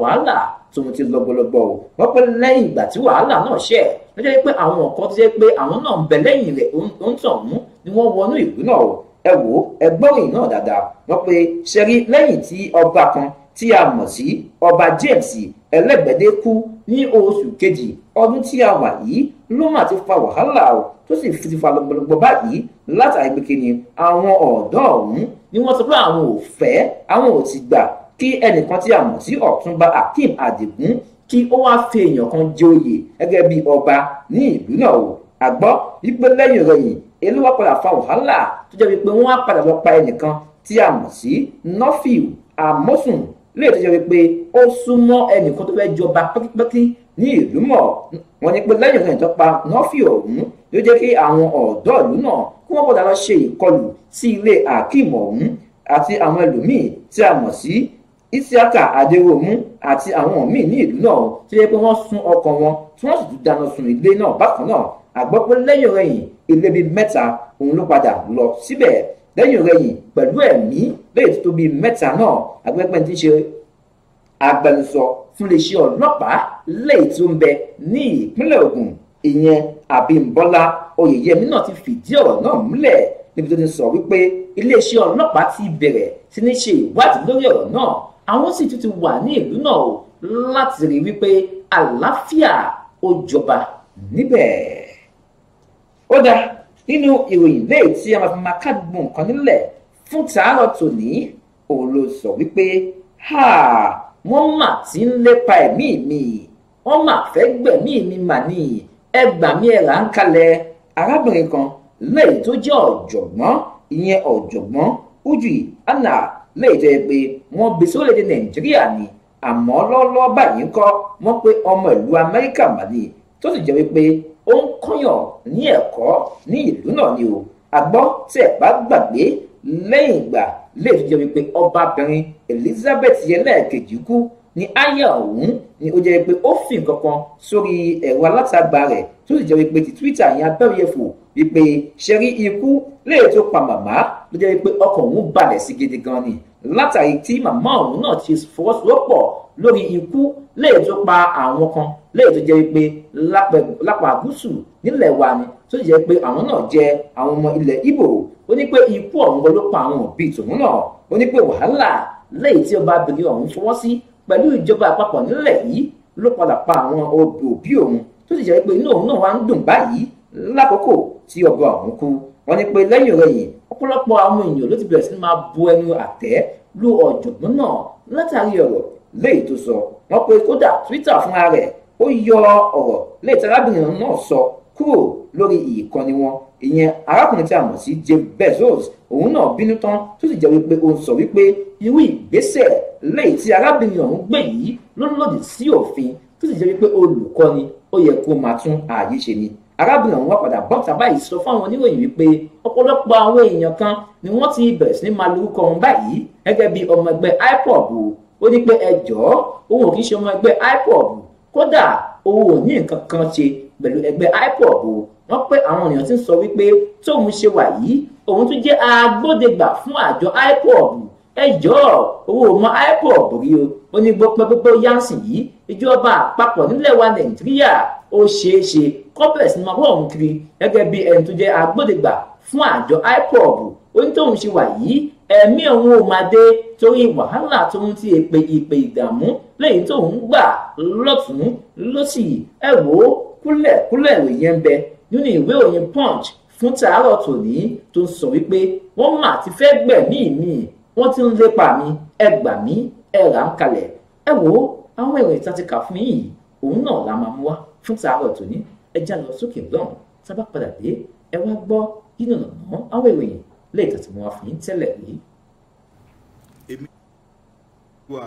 wàhálà tòun ti lọ́gbọ́lọ́gbọ́ o wọ́n pẹ́ lẹ́yìn ìgbà tí wàhálà náà ṣẹ̀ ló jẹ́ pé àwọn kan tó jẹ́ pé àwọn náà ń bẹ lẹ́yìn rẹ̀ ó ń tàn mú ni wọ́n wọnú ìlú náà o ẹ wò ó ẹ gbọ́ ìròyìn náà dáadáa wọ́n pe ṣẹ́rí lẹ́yìn tí ọba kan tí a mọ̀ sí ọba James ẹlẹ́gbẹ̀dẹ́ kú ní oṣù kejì ọdún tí a wà yìí ló mà ti fa wàhálà o tó sì ti fa lọ́gbọ̀lọ́gbọ̀ báyìí látàrí pé ni àwọn ọ̀dọ́ ọ̀hún ni wọ́n sọ pé àwọn ò fẹ́ àwọn ò ti gbà kí ẹnìkan tí a mọ̀ sí ọ̀túnba Akeem Adigun kí ó wá fi èèyàn kan jẹ oyè gẹ́gẹ́ bí ọba ní ìlú o àgbọ́ wípé lẹ́yìn ìròyìn èlú wa padà fa wàhálà tó jẹ́ wípé wọ́n á padà lọ pa ẹnìkan tí a mọ̀ sí Nọ́fìl Àmọ́sùn lè tó ṣe wípé ó súnmọ́ ẹnìkan tó fẹ́ jọba pẹ́kípẹ́kí ní ìlú mọ̀ wọ́n ní pé lẹ́yìn ọ̀gbìn tó pa nọ́ọ̀fì ọ̀hún ló jẹ́ kí àwọn ọ̀dọ́ ìlú náà kí wọ́n bọ̀dá lọ ṣe ìkọlù sí ilé àkíìmọ̀ ọ̀hún àti àwọn ẹlòmíì tí a mọ̀ sí isiaka adéròmú àti àwọn míì ní ìlú náà tó yẹ pé wọ́n sun ọkọ̀ wọn tí wọ́n sì tún dáná sun ilé náà bákan náà àgbọ́ pé lẹ́yìn ọ̀rẹ́yìn ilé bíi mẹ́ta òun ló padà lọ síbẹ̀ lẹ́yìn rẹ̀yìn pẹ̀lú ẹ̀mí léyìí tó tóbi mẹ́ta náà agbẹ́pẹ́ ti ṣe agbẹnusọ fún iléeṣẹ́ ọlọ́pàá léyìí tó ń bẹ ní ìpínlẹ̀ Ògùn ìyẹn Abímbọ́lá Oyèyẹmí náà ti fìdí ọ̀rọ̀ náà múlẹ̀ níbi tó ti sọ wípé iléeṣẹ́ ọlọ́pàá ti bẹ̀rẹ̀ sí ní ṣe ìwádìí lórí ọ̀rọ̀ náà àwọn sì tún ti wà ní ìlú náà o láti rí wípé àlàáfíà ó jọba níbẹ̀. ó dáa nínú ìròyìn léè tí a máa fi máa kádùn nǹkan nílẹ̀ fún tààrọ̀ tòní òun ló sọ wípé wọ́n mà ti ń lépa ẹ̀mí mi wọ́n mà fẹ́ gbẹ̀mí mi mà ní ẹgbàmí ẹ̀rà ń kalẹ̀ arábìnrin kan lẹ́yìn tó jẹ́ ọ̀jọ̀gbọ́n ìyẹn ọ̀jọ̀gbọ́n uju anna lẹ́yìn tó yẹ pé wọ́n bí sórílẹ̀-èdè nàìjíríà ni àmọ́ lọ́wọ́lọ́wọ́ báyìí ń kọ́ wọ́n pé ọmọ ìlú amẹ́ríkà mà tó sì jẹ́ wípé ó ń kọ́yàn ní ẹ̀kọ́ ní ìlú náà ni o àgbọ́ tí ẹ̀ bá gbàgbé lẹ́yìn ìgbà lè fi jẹ́ wípé ọbabìnrin Elizabeth ẹlẹ́ẹ̀kejì kú ní aya ọ̀hún ni ó jẹ́ pé ó fi nǹkan kan sórí ẹ̀rọ alátagbà rẹ̀ tó sì jẹ́ pé ti Twitter yẹn abẹ́rẹ́fò wípé ṣẹ́rí ikú léè tó pa màmá ló jẹ́ pé ọkàn òun balẹ̀ sí gidi gan ni látàrí tí màmá òun náà ti fọwọ́sowọ́pọ̀ lórí ikú léè tó pa àwọn kan lẹ́yìn tó jẹ́ pé lápá gúúsù nílẹ̀ wa ni tó jẹ́ pé àwọn náà jẹ́ àwọn ọmọ ilẹ̀ Ìgbò ó ní pé ikú ọ̀hún ló pa àwọn òbí tòun náà ó ní pé wàhálà lẹ́yìn tí ọba abìnrin ọ̀hún fọwọ́ sí pẹ̀lú ìjọba àpapọ̀ nílẹ̀ yìí ló padà pa àwọn òbí òun tó jẹ́ pé inú òun náà wá ń dùn báyìí lákòókò tí ọba ọ̀hún kú wọ́n ní pé lẹ́yìn rẹ̀yìn ọ̀pọ̀lọpọ̀ àwọn èèyàn ló ti bẹ̀rẹ̀ ó yọ ọ̀rọ̀ léètì arábìnrin náà sọ kúrò lórí ìkànnì wọn ìyẹn arákùnrin tí a mọ̀ sí Jeff Bezos òun náà bínú tán tó sì jẹ́ wípé ó ń sọ wípé irú ìgbésẹ̀ lẹ́yìn tí arábìnrin ọ̀hún gbé yìí ló lòdì sí òfin tó sì jẹ́ wípé olùkọ́ni ó yẹ kó máa tún ààyè ṣe ni arábìnrin ọ̀hún wá padà bọ́ọ̀tà báyìí sọ fáwọn oníròyìn wípé ọ̀pọ̀lọpọ̀ àwọn èèyàn kan ni wọ́n ti bẹ̀rẹ̀ sí ní máa lórúkọ ọ̀hún báyìí gẹ́gẹ́ bí ọmọ ẹgbẹ́ IPOB ó ní pé ẹ jọ̀ọ́ òun ò kì í ṣe ọmọ ẹgbẹ́ IPOB kódà owó ò ní nǹkan kan ṣe pẹ̀lú ẹgbẹ́ ipob o wọ́n pé àwọn èèyàn ti ń sọ wípé tóun ṣe wà yìí òun tún jẹ́ agbódegbà fún àjọ ipob ẹ owó mọ ipob rí o ó ní gbọ́ pẹ́pẹ́pẹ́ yánsìn yìí ìjọba àpapọ̀ nílẹ̀ wa nàìjíríà ó ṣeé ṣe kọ́bẹ̀ sí máa òun kiri gẹ́gẹ́ bí ẹni tó jẹ́ agbódegbà fún àjọ ipob ó ní tóun ṣe wà yìí ẹ̀mí òun ò máa dé torí wàhálà tó ń ti èpè ìpè ìdààmú lẹ́yìn tó ń gbà lọ́tún lọ́sì ẹ wò ó kúlẹ̀kúlẹ̀ ìròyìn ń bẹ nínú ìwé òyìn punch fún tàárọ̀ tòní tó ń sọ wípé wọ́n mà ti fẹ́ gbẹ̀mí mi wọ́n ti ń lépa mi ẹ gbà mí ẹ rà ń kalẹ̀ ẹ wò ó àwọn ìròyìn tá fún yìí òun náà la máa mú wá fún tàárọ̀ tòní ẹ já lọ sókè lọ́hùn tá padà dé ẹ wá gbọ́ yín nàná léètà tí wọ́n fi ń tẹ́lẹ̀ rí. èmi wà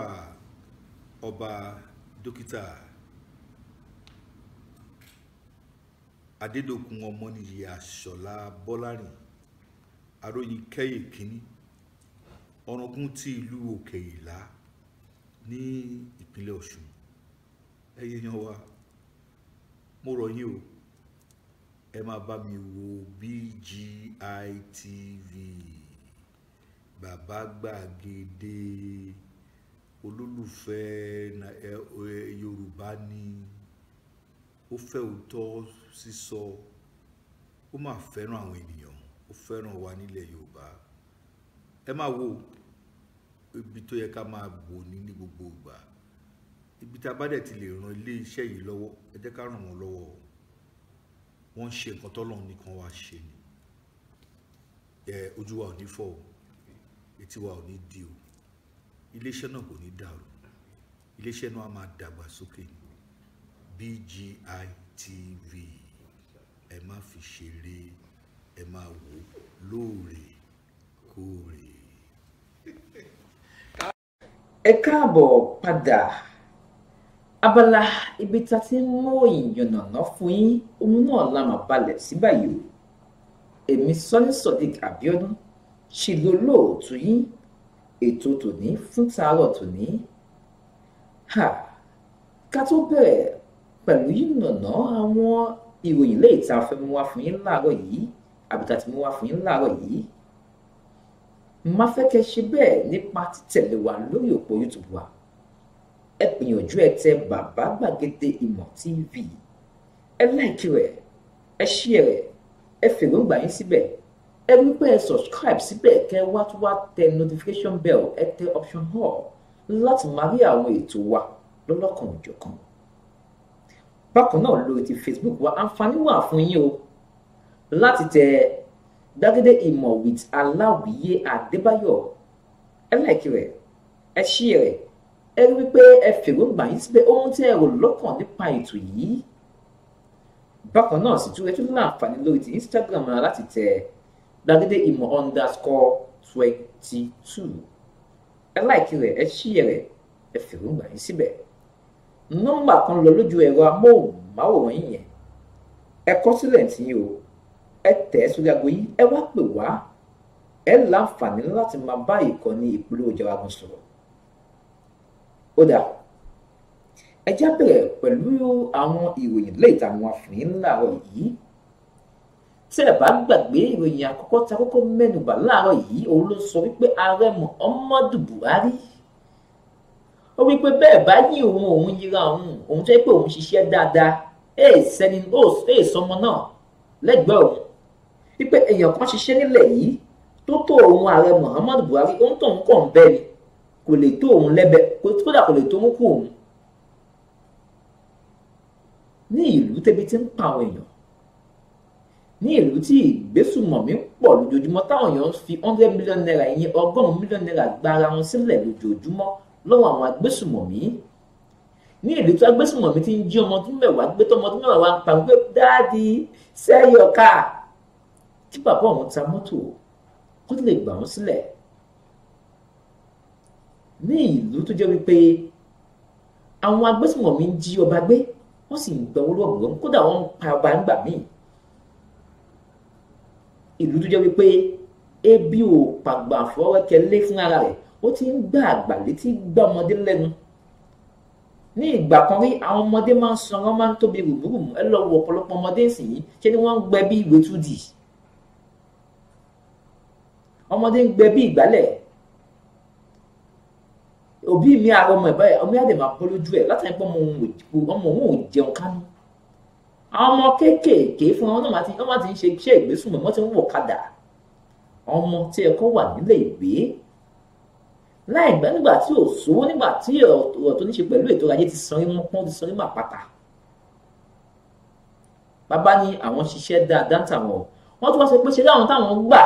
ọba dókítà adédọ̀kun ọmọnìyí àṣọlá bọ́lárìn aróyin kẹ́yìn kínní ọ̀ràngún ti ìlú òkè ìlá ní ìpínlẹ̀ ọ̀ṣun ẹ̀yẹ́yàn wa mo rọ̀ o ẹ máa bá mi wo BGI TV bàbá gbàgede olólùfẹ́ yorùbá ni ó fẹ́ òótọ́ sísọ ó máa fẹ́ràn àwọn ènìyàn ó fẹ́ràn wa nílẹ̀ yorùbá ẹ máa wo ibi tó yẹ ká máa wò ní ní gbogbo ìgbà ibi tá a bá dẹ̀ ti lè ran ilé iṣẹ́ yìí lọ́wọ́ ẹ jẹ́ ká ràn wọ́n lọ́wọ́ o wọ́n ń ṣe nǹkan tọ́lọ́run nìkan wá ṣe ni ojú wa ò ní fọ́ o etí wa ò ní di o iléeṣẹ́ náà kò ní dàrú iléeṣẹ́ náà a máa dàgbà sókè BGI TV ẹ má fi ṣeré ẹ máa wò lóòrèkóòrè. ẹ káàbọ̀ padà abala ibi tá a ti ń mú ìyànnàná fún yín òun náà la máa balẹ̀ sí báyìí o èmi sọ́ni sodiq abiodun ṣì ló lóòtú yín ètò tòní fún tààrọ̀ tòní ká tó bẹ̀rẹ̀ pẹ̀lú ìyànnàná àwọn ìròyìn lẹ́yìn tá a fẹ́ mú wá fún yín láàárọ̀ yìí àbí tá a ti mú wá fún yín láàárọ̀ yìí má fẹ́ kẹ́ ṣe bẹ́ẹ̀ nípa títẹ̀lé wa lórí òpó youtube wa ẹ gbìyànjú ẹ tẹ bàbá gbàgede ìmọ̀ tv ẹ láìkí rẹ ẹ ṣí ẹ rẹ ẹ fèròǹgbà yín síbẹ̀ ẹ rí pé ẹ subscribe síbẹ̀ kẹ́ wá tó wá tẹ notification bell ẹ tẹ option all láti máa rí àwọn ètò wa lọ́lọ́kan òjọ̀kan bákan náà lórí ti facebook wa àǹfààní wà fún yín o láti tẹ gbàgede ìmọ̀ with aláwìyé adébáyọ̀ ẹ láìkí rẹ ẹ ṣí rẹ ẹ rí wípé ẹ fèròǹgbà yìí síbẹ̀ ohun tí ẹ rò lọ́kàn nípa ètò yìí bákan náà sì tún ẹ tún ní àǹfààní lórí ti Instagram láti tẹ gbàgede ìmọ̀ underscore twenty two ẹ láìkí rẹ̀ ẹ ṣí rẹ̀ ẹ fèròǹgbà yìí síbẹ̀ nọ́mbà kan lọ lójú ẹ̀rọ amóhùnmáwòrán yìí yẹn ẹ kọ sílẹ̀ tí yín o ẹ tẹ̀ ẹ́ sórí aago yín ẹ wá pè wá ẹ láǹfààní láti máa bá ìkànnì ìpolówó Jaragun sọ̀rọ̀ ó dà ẹ já bẹ̀rẹ̀ pẹ̀lú àwọn ìròyìn léètà àwọn àfihàn láàárọ̀ yìí tí ẹ bá gbàgbé ìròyìn àkọ́kọ́ ta kọ́kọ́ mẹ́nubà láàárọ̀ yìí òun ló sọ wípé ààrẹ Muhammadu Buhari ó wípé bẹ́ẹ̀ bá yí òun òun yíra òun òun tó yẹ pé òun ṣiṣẹ́ dáadáa èè sẹ́ni èè sọmọ náà lẹ́gbẹ̀ẹ́ òun wípé èèyàn kan ṣiṣẹ́ nílẹ̀ yìí tó tó òun ààrẹ Muhammadu Buhari òun tóun kàn bẹ́ẹ̀ ni kò lè tó òun lẹ́bẹ̀ kódà kò lè tó mú kú òun ní ìlú tẹ́bi ti ń pa àwọn èèyàn ní ìlú tí ìgbésùmọ̀mí pọ̀ lójoojúmọ́ táwọn èèyàn fi hundred million naira ìyẹn ọgọ́rùn-ún million naira gba ara wọn sílẹ̀ lójoojúmọ́ lọ́wọ́ àwọn agbésùmọ̀mí ní ìlú tí agbésùmọ̀mí ti ń jí ọmọ ọdún mẹ́wàá gbé tọmọ ọdún mẹ́wàá wá ń pa wípé dáàdi sẹ́yọ̀ká tí bàbá òun ta mọ́tò kó lè gbà wọ́n sílẹ̀ ní ìlú tó jẹ́ wípé àwọn agbésùnmọ̀mí ń jí ọba gbé wọ́n sì ń gba owó lọ́wọ́ bùrọ̀ kódà wọ́n ń pa ọba ńgbà míì ìlú tó jẹ́ wípé ebi ò pàgbà fọwọ́kẹ́ lé fún ara rẹ̀ ó ti ń gbá àgbà létí gbá ọmọdé lẹ́nu ní ìgbà kan rí àwọn ọmọdé máa ń sanra máa ń tóbi rùmùrùmù ẹ lọ wo ọ̀pọ̀lọpọ̀ ọmọdé ìsìn yìí ṣé ni wọ́n ń gbẹ bí ìwé 2 ọmọdé ń gbẹ bí ìgbálẹ̀ òbí mi àrọ ọmọ ẹ báyìí ọmọ yàrá máa bọ́ lójú ẹ látàrí pé ọmọ òun ò jẹun kánú ọmọ kéékèèké fún wọn náà wọ́n máa ti ń ṣe iṣẹ́ ìgbésùnmọ̀ wọ́n ti ń wọ̀ kadà ọmọ tí ẹ̀kọ́ wà nílé ìwé láì gbà nígbà tí ò sówó nígbà tí ọ̀rọ̀ tó ní ṣe pẹ̀lú ètò ajé ti sanrí wọn pọ́n ti sanrí máa pàtà bàbá ní àwọn ṣiṣẹ́ dáadáa táwọn wọ́n tún wá sọ pé ṣe láwọn táwọn gbà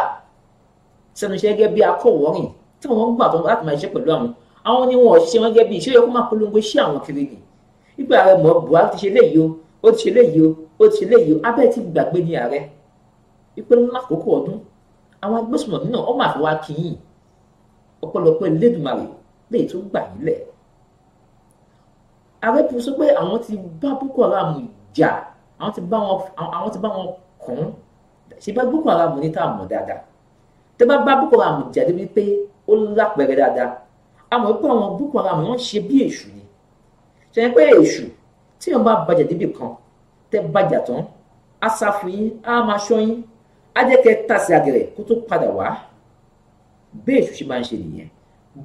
sẹ́nu iṣẹ́ gẹ́gẹ́ bí akọ̀wọ́rìn táwọn gbà tó láti máa ṣiṣẹ́ pẹ̀lú àwọn àwọn ni wọn ṣe wọn gẹ́gẹ́ bí ìṣòro kó má polongo iṣẹ́ àwọn kiri ni nígbà ààrẹ mọ̀ Buhari ti ṣe léyìí o ó ti ṣe léyìí o ó ti ṣe léyìí o abẹ́ ti gbàgbé ni ààrẹ wípé lákòókò ọdún àwọn agbésùnmọ̀mí náà ọmọ àfiwá kìíyìn ọ̀pọ̀lọpọ̀ Elédùmarè léyìí tó gbà nílẹ̀ ààrẹ tó sọ pé àwọn ti bá Boko Haram jà àwọn ti bá wọn kàn án ṣe bá Boko Haram ní tá a mọ̀ dáadáa tẹ bá bá Boko Haram jà débi pé ó lápẹẹrẹ dáadáa àmọ́ pé àwọn boko haram wọ́n ṣe bí èṣù ni ṣe é pé èṣù tí wọ́n bá bàjẹ́ débi kan tẹ́ bàjẹ́ tán á sá fún yín á máa ṣọ́ yín á jẹ́ kẹ́ tàsí àgẹ̀rẹ̀ kó tó padà wá bí èṣù ṣe máa ń ṣe nìyẹn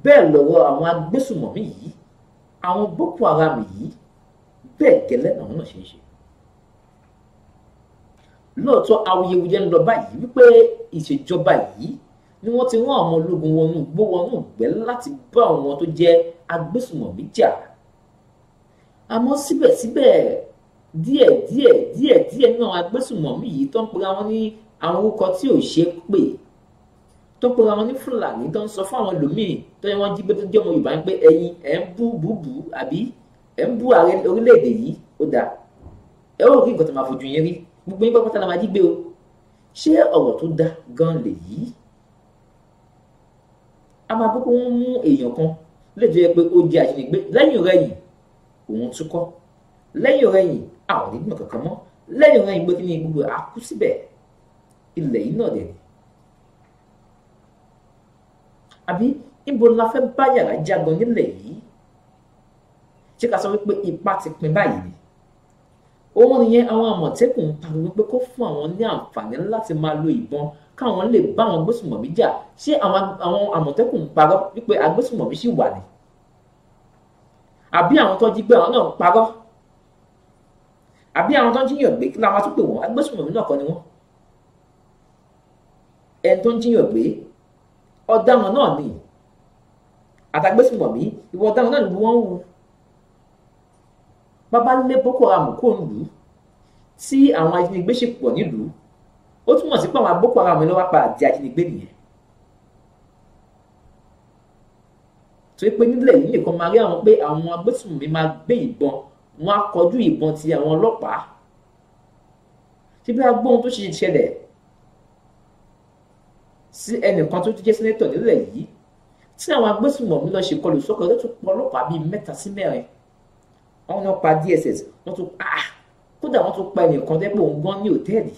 bẹ́ẹ̀ lọ́wọ́ àwọn agbésùmọ̀mí yìí àwọn boko haram yìí bẹ́ẹ̀ gẹ́lẹ́ làwọn náà ṣe ń ṣe lóòótọ́ awuyewuye ń lọ báyìí wípé ìṣèjọba yìí ni wọ́n ti rán àwọn ológun wọnú igbó wọnú ìgbẹ́ láti bá àwọn tó jẹ́ agbésùmọ̀mí jà àmọ́ síbẹ̀síbẹ̀ díẹ̀ díẹ̀ díẹ̀ díẹ̀ náà agbésùmọ̀mí yìí tó ń pera wọn ní àwọn orúkọ tí ò ṣe é pè tó ń pera wọn ní fúlàní tó ń sọ fún àwọn lòmíì tó yẹ wọn jí gbé tó jẹ́ ọmọ yorùbá ń pé ẹ̀yin ẹ̀ ń bú búbú àbí ẹ̀ ń bú ààrẹ orílẹ̀-èdè yìí ó dáa ẹ ó rí nǹkan tó máa fojú yín rí gbogbo yín pápátá la máa jí gbé o ṣé ọ̀rọ̀ tó dáa gan lèyí a máa kókó ń mú èèyàn kan lè jẹ́ pé ó jẹ́ àṣenigbé lẹ́yìn rẹ̀yìn òun tún kọ́ lẹ́yìn rẹ̀yìn àwọn onígbìmọ̀ kankan mọ́ lẹ́yìn rẹ̀yìn pé kí ni gbogbo àkú síbẹ̀ ilẹ̀ yìí náà dẹ̀ ni. àbí níbo la fẹ́ bá yàrá jágan nílẹ̀ yìí ṣé ká sọ wípé ipa ti pin báyìí ni òun nìyẹn àwọn àmọ̀tẹ́kùn ń pariwo pé kó fún àwọn ní àǹfààní láti máa lo ìbọn káwọn lè bá àwọn agbésùmọ̀mí jà ṣé àwọn àmọ̀tẹ́kùn ń parọ́ wípé agbésùmọ̀mí ṣì wà ní àbí àwọn tó jí gbé àwọn náà ń parọ́ àbí àwọn tó ń jíyàn gbé kí làwọn àtúpè wọn agbésùmọ̀mí náà kọ́ ni wọ́n ẹni tó ń jíyàn gbé ọ̀daràn náà ni àtàgbésùmọ̀mí ìwọ ọ̀daràn náà ni wọ́n ń wù bàbá lé Boko Haram kó ń lù ú tí àwọn ajínigbé ṣe pọ̀ nílùú ó túmọ̀ sí pé àwọn Boko Haram ni wọ́n pa àti ajínigbé nìyẹn tó yẹ pé nílẹ̀ yìí nìkan máa rí àwọn pé àwọn agbésùnmí máa gbé ìbọn wọn á kọjú ìbọn ti àwọn ọlọ́pàá síbi agbóhun tó ṣe ṣẹlẹ̀ sí ẹnìkan tó jẹ́ sẹ́nẹ́tọ̀ nílẹ̀ yìí tí àwọn agbésùnmọ̀mí lọ́ọ́ ṣe kọlù sọ́kọ̀ tó tún pọ̀ ọlọ́pàá bíi mẹ́ta sí mẹ́rin wọn náà pa DSS wọn tún pa ah, kódà wọn tún pa ẹnìkan dẹ́pọ̀ òun gan ní òtẹ́ẹ̀lì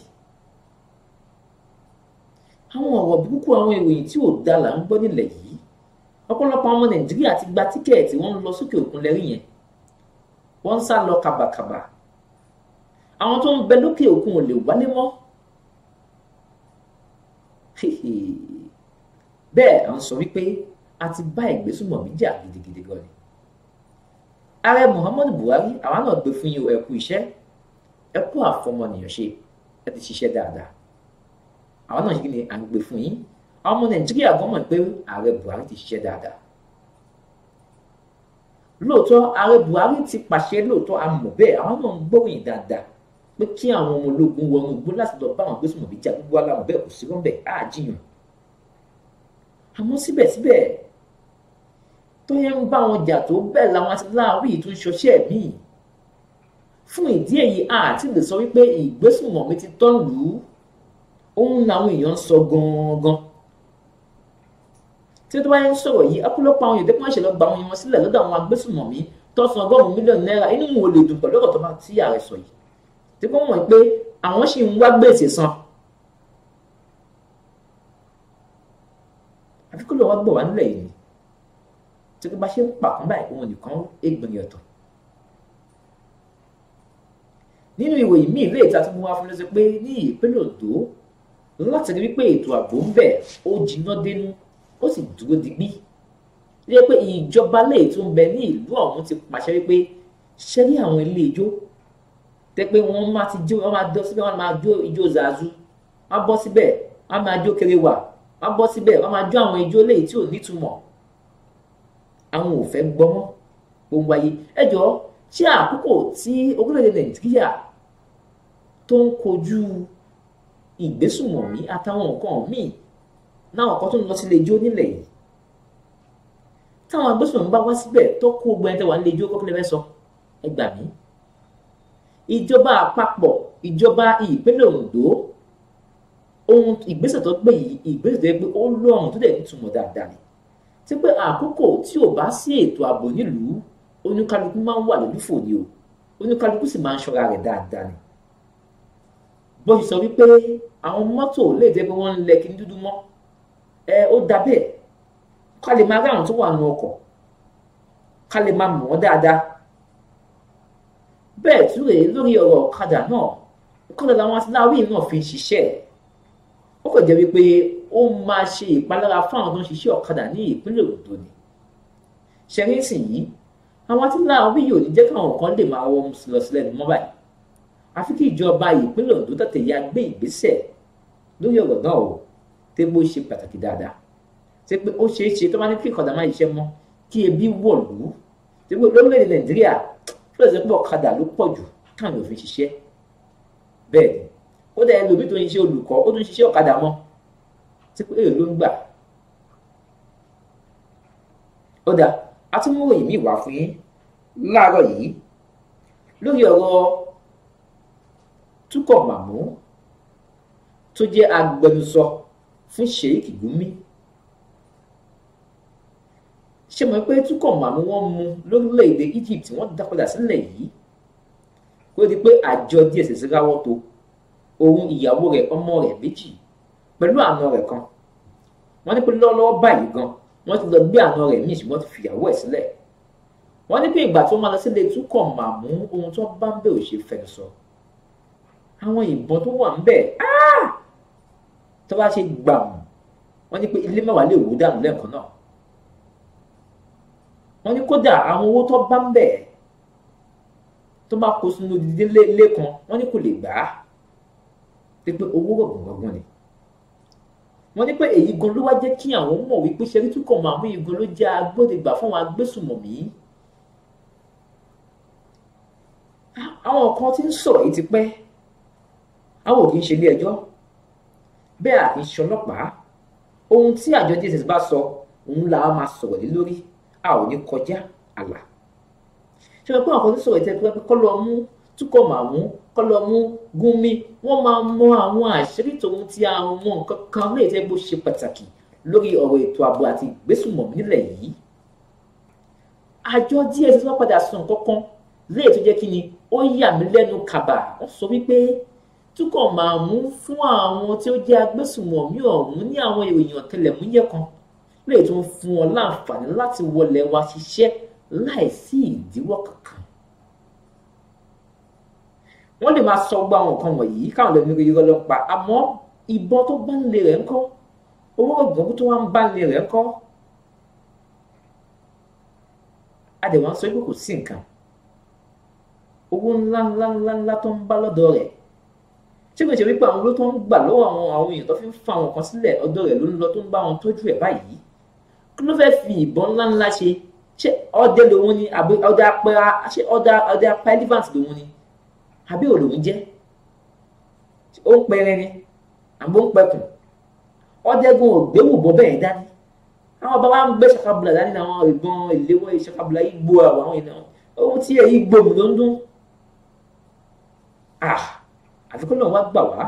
àwọn ọ̀rọ̀ burúkú àwọn ìròyìn tí ò da là ń gbọ́ nílẹ̀ yìí ọ̀pọ̀lọpọ̀ ọmọ nàìjíríà ti gba tíkẹ́ẹ̀tì wọ́n ń lọ sókè òkun lẹ́rí yẹn wọ́n ń sá lọ kàbàkàbà àwọn tó ń bẹ lókè òkun ò lè wálé mọ́ bẹ́ẹ̀ à ń sọ wípé a ti bá ìgbésùmọ̀mí jà gidigidi gan ni ààrẹ muhammadu buhari àwa náà gbé fún yín ẹ kú iṣẹ́ ẹ kú àfọmọnìyàn ṣe ẹ ti ṣiṣẹ́ dáadáa àwọn náà ṣe à ń gbé fún yín ọmọ nàìjíríà gan pé ààrẹ buhari ti ṣiṣẹ́ dáadáa lóòótọ́ ààrẹ buhari ti pàṣẹ lóòótọ́ a mọ̀ àwọn náà ń gbóríyìn dáadáa pé kí àwọn ọmọ ológun wọnú igbó láti lọ bá àwọn gbésùmọ̀bí jà gbogbo aláwọ̀ bẹ́ẹ̀ kò sí rọ́ńbẹ̀ àjíyàn àmọ́ síbẹ̀síbẹ̀ tó yẹn ń bá wọn jà tó bẹ́ẹ̀ làwọn ti láàárín tó ń ṣọṣẹ́ míì fún ìdí èyí àti lè sọ wípé ìgbésùmọ̀mí ti tán lù òun làwọn èèyàn ń sọ gangan tí ó tó bá yẹn ń sọ̀rọ̀ yìí ọ̀pọ̀lọpọ̀ àwọn èdè pọ́ńṣẹ̀ lọ gba àwọn èèyàn sílẹ̀ lọ́dọ̀ àwọn agbésùmọ̀mí tó san ọgọ́rùn-ún mílíọ̀nù náírà inú wọn ò lè dùn pẹ̀lú ọ̀rọ̀ bá tí ààrẹ sọ yìí tí wọ́n mọ̀ pé àwọn sì ń wá gbèsè san àfi kó lọ wá gbọ̀ wá nílẹ̀ yìí ni tí ó bá ṣe ń pàkán báyìí òun nìkan égbìnrin ọ̀tọ̀ nínú ìwòyí míì lè ta tó mú wá fún lọ́sẹ̀ pé ní ìpínlẹ̀ láti rí wípé ètò ààbò ń bẹ ó jiná dénú ó sì dúró digbí rí i pé ìjọba lè tó ń bẹ ní ìlú ọ̀hún ti pàṣẹ wípé ṣẹ́ rí àwọn ilé ijó tẹ́ pé wọ́n máa ti jó wọ́n máa dọ́ síbẹ̀ wọ́n máa jó ijó zazu wọ́n bọ́ síbẹ̀ wọ́n máa jó kerewà wọ́n bọ́ síbẹ̀ wọ́n máa jó àwọn ijó léyìí tí ò nítumọ̀ àwọn ò fẹ́ gbọ́ mọ́ gbogbo ayé ẹ jọ ṣé àkókò tí orílẹ̀-èdè nàìjíríà tó ń kojú ìgbésùmọ̀mí àtàwọn nǹkan míì náà ọkọ tó ń lọ sílé ijó nílẹ̀ yìí táwọn agbésùmọ̀mí bá wá síbẹ̀ tó kó gbogbo ẹni tẹ́ wà nílé ijó kọ́kílẹ̀ fẹ́ sọ ẹ gbà mí ìjọba àpapọ̀ ìjọba ìpínlẹ̀ Ondo ohun ìgbésẹ̀ tó gbé yìí ìgbésẹ̀ tó yẹ pé ó lọ́rùn tó dẹ̀ nítumọ̀ dáadáa ni ti pé àkókò tí ò bá sí ètò ààbò nílùú oníkálukú máa ń wà lólúfò ni o oníkálukú sì máa ń ṣọ́ra rẹ̀ dáadáa ni bó ṣe sọ wípé àwọn mọ́tò lè jẹ́ pé wọ́n ń lẹ kíní dúdú mọ́ ẹ ó da bẹ́ẹ̀ ká lè máa rí àwọn tó wà nù ọkọ̀ ká lè máa mọ̀ wọ́n dáadáa bẹ́ẹ̀ tún rèé lórí ọ̀rọ̀ ọ̀kadà náà ìkọlẹ̀ làwọn aṣáláwí náà fi ń ṣiṣẹ́ ó kò jẹ́ wípé ó máa ṣe ìpalára fún àwọn tó ń ṣiṣẹ́ ọ̀kadà ní ìpínlẹ̀ Ondo ni ṣẹ́rí sìn yìí àwọn aṣáláwí yóò jẹ́ káwọn kan lè máa wọ́n lọ sílẹ̀ ní mọ́ àfi kí ìjọba ìpínlẹ̀ Ondo tètè ya gbé ìgbésẹ̀ lórí ọ̀rọ̀ náà o tí mo ṣe pàtàkì dáadáa ṣe pé ó ṣeé ṣe tó bá ní kí ọ̀kadà máa ṣiṣẹ́ mọ́ kí ebi wọ̀lú ṣe pé lórílẹ̀‐èdè Nàìjíríà fúlọ̀sẹ̀ pọ̀ ọ̀kadà ló pọ̀ jù káwọn òfin ṣiṣẹ́ bẹ́ẹ̀ ó dẹ̀ lóbi tó ń ṣiṣẹ́ olùkọ́ ó tún ṣiṣẹ́ ọ̀kadà mọ́ ṣe pé èrè ló ń gbà ó dà á tún mú òyìnbí wá fún yín láàárọ̀ yìí lórí ọ̀rọ̀ Túkọ̀ Màmú tó jẹ́ agbẹnusọ fún Sheikh Gumi ṣe mọ̀ pé Túkọ̀ Màmú wọ́n mú lórílẹ̀‐èdè Egypt wọ́n dá padà sílẹ̀ yìí kó di pé àjọ DSS ráwọ́ tó òun ìyàwó rẹ̀ ọmọ rẹ̀ méjì pẹ̀lú àna rẹ̀ kan wọ́n ní pé lọ́wọ́lọ́wọ́ báyìí gan wọ́n ti lọ gbé àna rẹ̀ míì ṣùgbọ́n ti fìyàwó ẹ̀ sílẹ̀ wọ́n ní pé ìgbà tó máa lọ sílé Túkọ̀ Màmú ohun tó bá ń bẹ̀ ṣe fẹnu sọ àwọn ìbọn tó wà ń bẹ̀ ah! tó bá ṣe gbà wọ́n ní pé ilé mẹ́wàá lè wó dànù lẹ́ẹ̀kan náà wọ́n ní kódà àwọn owó tó bá ń bẹ̀ tó bá kó sínú dídílé ilé kan wọ́n ní kò lè gbà á pé pé owó gbọ̀ngbọ̀ngbọ̀n ni wọ́n ní pé èyí gan ló wá jẹ́ kí àwọn mọ̀ wípé ṣe tún máa mú yìí gan ló jẹ́ agbódegbà fún àwọn agbésùmọ̀mí àwọn kan ti ń sọ̀rọ̀ yìí ti pẹ́ àwọn òkè ń ṣe ilé ẹjọ́ bẹ́ẹ̀ àti ṣọlọ́pàá ohun tí àjọ dss bá sọ òun là á máa sọ̀rọ̀ lé lórí a ò ní kọjá àlà ṣe pé àwọn kan ti pé kọ́ lọ mú túkọ̀ mà mú kọ́ lọ mú gúnmi wọ́n máa mọ àwọn àṣírí tòun tí a mọ nǹkan kan lè tẹ́ bó ṣe pàtàkì lórí ọ̀rọ̀ ètò ààbò àti ìgbésùmọ̀mí nílẹ̀ yìí àjọ dss wọ́n padà sọ nǹkan kan léè tó jẹ́ kí ni ó yà mí lẹ́nu kàbà wọ́n sọ wípé túkọ̀ máa mú fún àwọn tí ó jẹ́ agbésùmọ̀mí ọ̀hún ní àwọn ìròyìn ọ̀tẹlẹ̀múyẹ́ kan lè tún fún ọ láǹfààní láti wọlé wa ṣiṣẹ́ láìsí ìdíwọ́ kankan. wọ́n lè máa sọ gba àwọn nǹkan wọ̀nyí káwọn lè mìíràn irọ́ ló pa àmọ́ ìbọn tó bá ń lè rẹ̀ ń kọ́ owó ọ̀gbọ̀n tó wá ń bá lè rẹ̀ ń kọ́ adẹ̀wọ̀n sọ pé sí nǹkan owó ńláńláńláńlá tó ń bá lọ́dọ̀ rẹ̀ ṣé kò ṣe wípé àwọn ló tó ń gbà lọ́wọ́ àwọn àwọn èèyàn tó fi ń fa àwọn kan sílẹ̀ ọ̀dọ̀ rẹ̀ ló ń lọ tó ń bá wọn tọ́jú ẹ̀ báyìí kí ló fẹ́ẹ́ fi ìbọn ńláńlá ṣe ṣé ọdẹ lòun ni àbí ọdẹ apẹra ṣé ọdẹ ọdẹ apá elephant lòun ni àbí ò lòun jẹ́ ó ń pẹrẹ ni àbó ń pẹkùn ọdẹgun ògbéwò bọ bẹ́ẹ̀ dání àwọn bàbá ń gbé ṣakabula dání àwọn ìbọn ìléwọ́ ìṣakabula yìí gbó àwọn èèyàn ohun tí èyí gbòmù ló ń ah àfi kó lọ́n wá gbà wá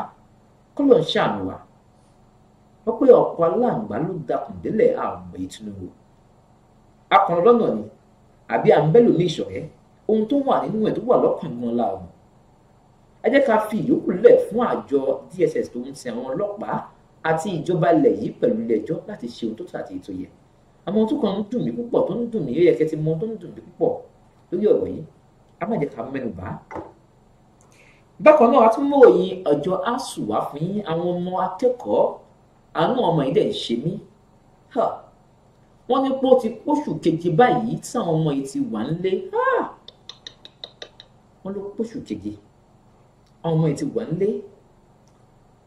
kó lọ́n ṣàánú wa wọ́n pé ọ̀pọ̀ aláǹgbá ló dakùn délẹ̀ àmọ́ ìtúnúwò akọ̀rọ̀ lọ́nà ni àbí àmbẹ́lò ní ìṣọ̀rẹ́ ohun tó wà nínú ẹ̀ tó wà lọ́kàn gan la ọ̀nà ẹ jẹ́ ká fi ìyókù lẹ̀ fún àjọ DSS tó ń sin àwọn ọlọ́pàá àti ìjọba ilẹ̀ yìí pẹ̀lú ilé ẹjọ́ láti ṣe ohun tó tà àti ètò yẹ àmọ́ tó kàn ń dùn mí púpọ̀ tó ń dùn mí ó yẹ kẹ́ ti tó ń dùn mí púpọ̀ lórí ọ̀rọ̀ yìí á má jẹ́ ká mẹ́nu bà bákan náà a tún mú òyìn ọjọ́ asù wá fún yín àwọn ọmọ akẹ́kọ̀ọ́ àánú ọmọ yìí dẹ̀ ń ṣe mí wọ́n ní pé ó ti póṣù keje báyìí tí àwọn ọmọ yìí ti wà nílé wọ́n ló póṣù keje àwọn ọmọ yìí ti wà nílé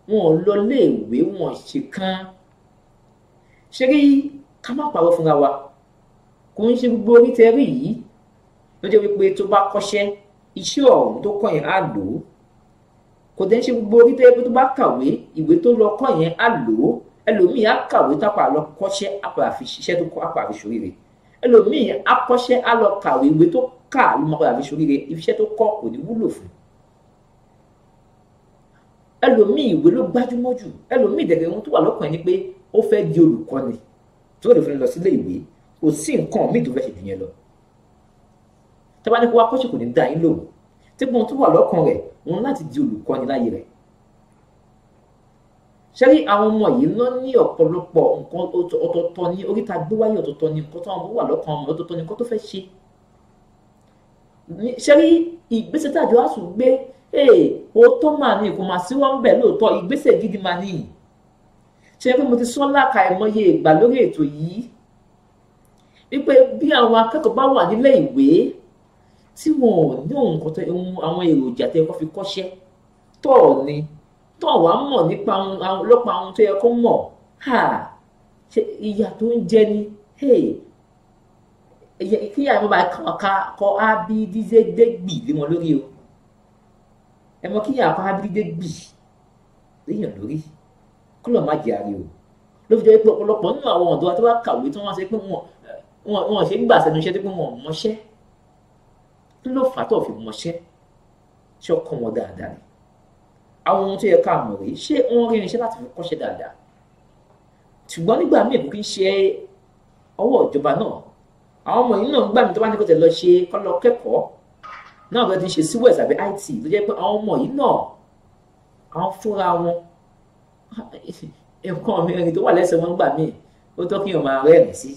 wọn ò lọ léèwé wọn ṣe kán ṣé rí ká má pàwọ́ fúnra wa kò ń ṣe gbogbo orí tẹ yìí ló wípé tó bá kọ́ṣẹ́ iṣẹ́ ọ̀hún tó kọ́ yẹn á lò ó kò dẹ́n ṣe gbogbo orí tó yẹ pé tó bá kàwé ìwé tó lọ kọ́ yẹn á lò ó ẹlòmíì á kàwé tó apà lọ kọ́ṣẹ́ apà fi ṣiṣẹ́ tó kọ́ apà fi ṣoríire ẹlòmíì á kọ́ṣẹ́ á lọ kàwé ìwé tó kà ló máa padà fi ṣoríire iṣẹ́ tó kọ́ kò ní wúlò fún ẹlòmíì ìwé ló gbájúmọ́ jù ẹlòmíì dẹ̀gẹ̀ ohun tó wà lọ́kàn ni pé ó fẹ́ di olùkọ́ni tó lè fún lọ sílé ìwé kò sí nǹkan míì tó fẹ́ ṣe jù yẹn lọ tẹ́bá ní kó wá kọ́ṣẹ́ kò ní dá yín lòun tí gbọ́n tó wà lọ́kàn rẹ̀ òun láti di olùkọ́ni láyé rẹ̀ ṣẹ́rí àwọn ọmọ yìí lọ ní ọ̀pọ̀lọpọ̀ nǹkan ọ̀tọ̀ọ̀tọ̀ ní oríta gbówáyé ọ̀tọ̀ọ̀tọ̀ ní nǹkan táwọn ọmọ wà lọ́kàn ọmọ ọ̀tọ̀ọ̀tọ̀ ní nǹkan tó fẹ́ ṣe ṣẹ́rí ìgbésẹ̀ tàjọ àṣù gbé òótọ́ mà ní kò mà sí wọ́n ń bẹ̀ lóòótọ́ ìgbésẹ̀ gidi mà ní ṣe pé mo ti sọ láka ìmọye ìgbà lórí ètò yìí wípé bí àwọn akẹ́kọ̀ọ́ bá wà nílé ìwé tí wọn ò ní ohun kan tó ohun àwọn èròjà tó yẹ kó fi kọ́ṣẹ́ tọ̀ ni tọ̀ wá mọ̀ nípa lọ́pọ̀ àwọn tó yẹ kó mọ̀ ṣe ìyà tó ń jẹ ni kí ìyá mi máa ka kọ ábídídégbì lé wọn lórí o ẹ kí ìyá kọ ábídídégbì léèyàn lórí kó lọ́ọ́ má jẹ àrí o ló fi jẹ́ pé ọ̀pọ̀lọpọ̀ nínú àwọn ọ̀dọ́ àti wọ́n kàwé tí wọ́n ṣe pé wọ́n ṣe ń gbà sẹ́nu iṣẹ́ tó pé wọ́n mọṣẹ́ kí ló fà á tó fi mọṣẹ́ ṣé ọkọ wọn dáadáa ni àwọn ohun tó yẹ ká mọ̀ rèé ṣé wọ́n rí irinṣẹ́ láti fi kọ́ṣẹ́ dáadáa ṣùgbọ́n nígbà míì kò kí ń ṣe ọwọ́ ìjọba náà àwọn ọmọ yìí náà ń gbà mí tó bá ní kó tẹ̀ lọ ṣe kọ́ lọ kẹ́kọ̀ọ́ náà bẹ́ẹ̀ ti ń ṣe síwẹ̀sì àbí IT ló jẹ́ pé àwọn ọmọ yìí náà àwọn fúnra wọn nǹkan mìíràn tó wà lẹ́sẹ̀ wọn gbà míì ó tọ́ kí wọn máa rẹ́rìn sí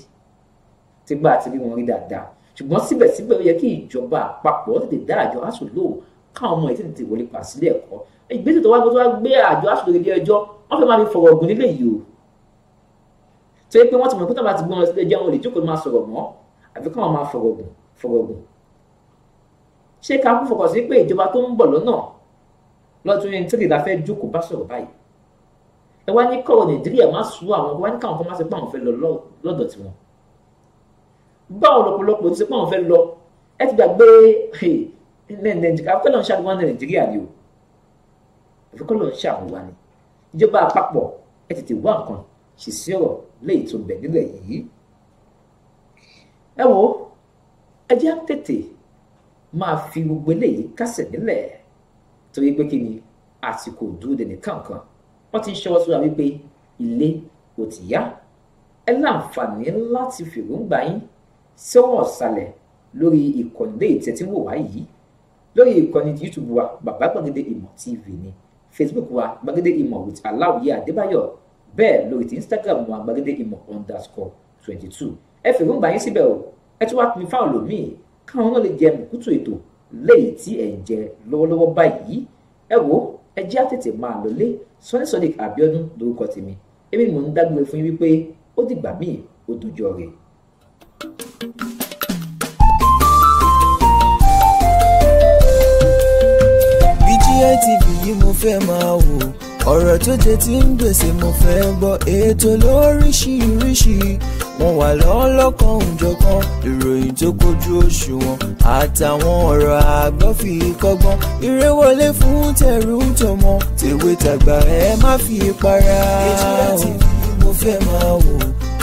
tí gbà àti bí wọn rí dáadáa ṣùgbọ́n síbẹ̀síbẹ̀ ó yẹ kí ìjọba àpapọ̀ tètè dá àjọ asuu lóò káwọn ọmọ yìí tètè wọlé pa sílé ẹ̀kọ́ ìgbésẹ̀ tó wá gbé tó wá gbé àjọ asuu lórí ilé ẹjọ́ wọ́n fẹ́ máa fi fọ̀rọ̀ ọ̀gùn nílé yìí o tó pé wọ́n ti mọ̀ pé táwọn ti gbọ́n ilé ẹjọ́ wọn lè jókòó máa sọ̀rọ̀ mọ́ àbí káwọn máa fọ̀rọ̀ ọ̀gùn ṣé ká kú fọkàn sí pé ìjọba tó ń bọ̀ lọ́nà lọ́dún báwo lọ́pọ̀lọpọ̀ ti ṣe pé àwọn fẹ́ lọ ẹ ti gbàgbé nàìjíríà àfikọ́lọ́ ń ṣàdúrà nàìjíríà ni o àfikọ́lọ́ ń ṣàwùwá ni ìjọba àpapọ̀ ẹ tètè wá nǹkan ṣì sí ọ̀rọ̀ léyìí tó bẹ̀ nílẹ̀ yìí ẹ wo ẹ jẹ́ tètè máa fi gbogbo eléyìí kásẹ̀ nílẹ̀ torí pé kí ni àsìkò dúró dẹni kankan wọ́n ti ń ṣọwọ́ sóra wípé ilé kò ti yá ẹ láǹfààní láti fèròǹgbà yín sọ́wọ́ ọ̀sàlẹ̀ lórí ìkànnì lè tẹ́ tí wò wá yìí lórí ìkànnì YouTube wa bàbá gbàgede ìmọ̀ TV ni Facebook wa gbàgede ìmọ̀ with aláwìyé adébáyọ̀ bẹ́ẹ̀ lórí ti Instagram wa gbàgede ìmọ̀ underscore twenty two ẹ fi rúgbà yín síbẹ̀ o ẹ tún wá pin fáwọn lòmíì káwọn náà lè jẹ mùkútù ètò léyìí tí ẹ̀ ń jẹ lọ́wọ́lọ́wọ́ báyìí ẹ wo ẹ jẹ́ àtètè máa lọlé Sọ́ní Sodiq Abíọ́dún lórúkọ tèmi èmi mò ń dágbére fún yín wípé ó dìgbà míì ó dọjọ́ rẹ̀ BGI TV yìí mo fẹ́ máa wò ọ̀rọ̀ tó jẹ ti ń gbèsè mo fẹ́ gbọ́ ètò lóríṣiríṣi wọn wà lọ́lọ́kan òjọ̀kan ìròyìn tó kojú òṣùwọ̀n àtàwọn ọ̀rọ̀ àgbọ́ fi kọ́gbọ́n eré fún tẹ̀rù tọmọ tèwe tàgbà ẹ má fi para mo fẹ́ máa wò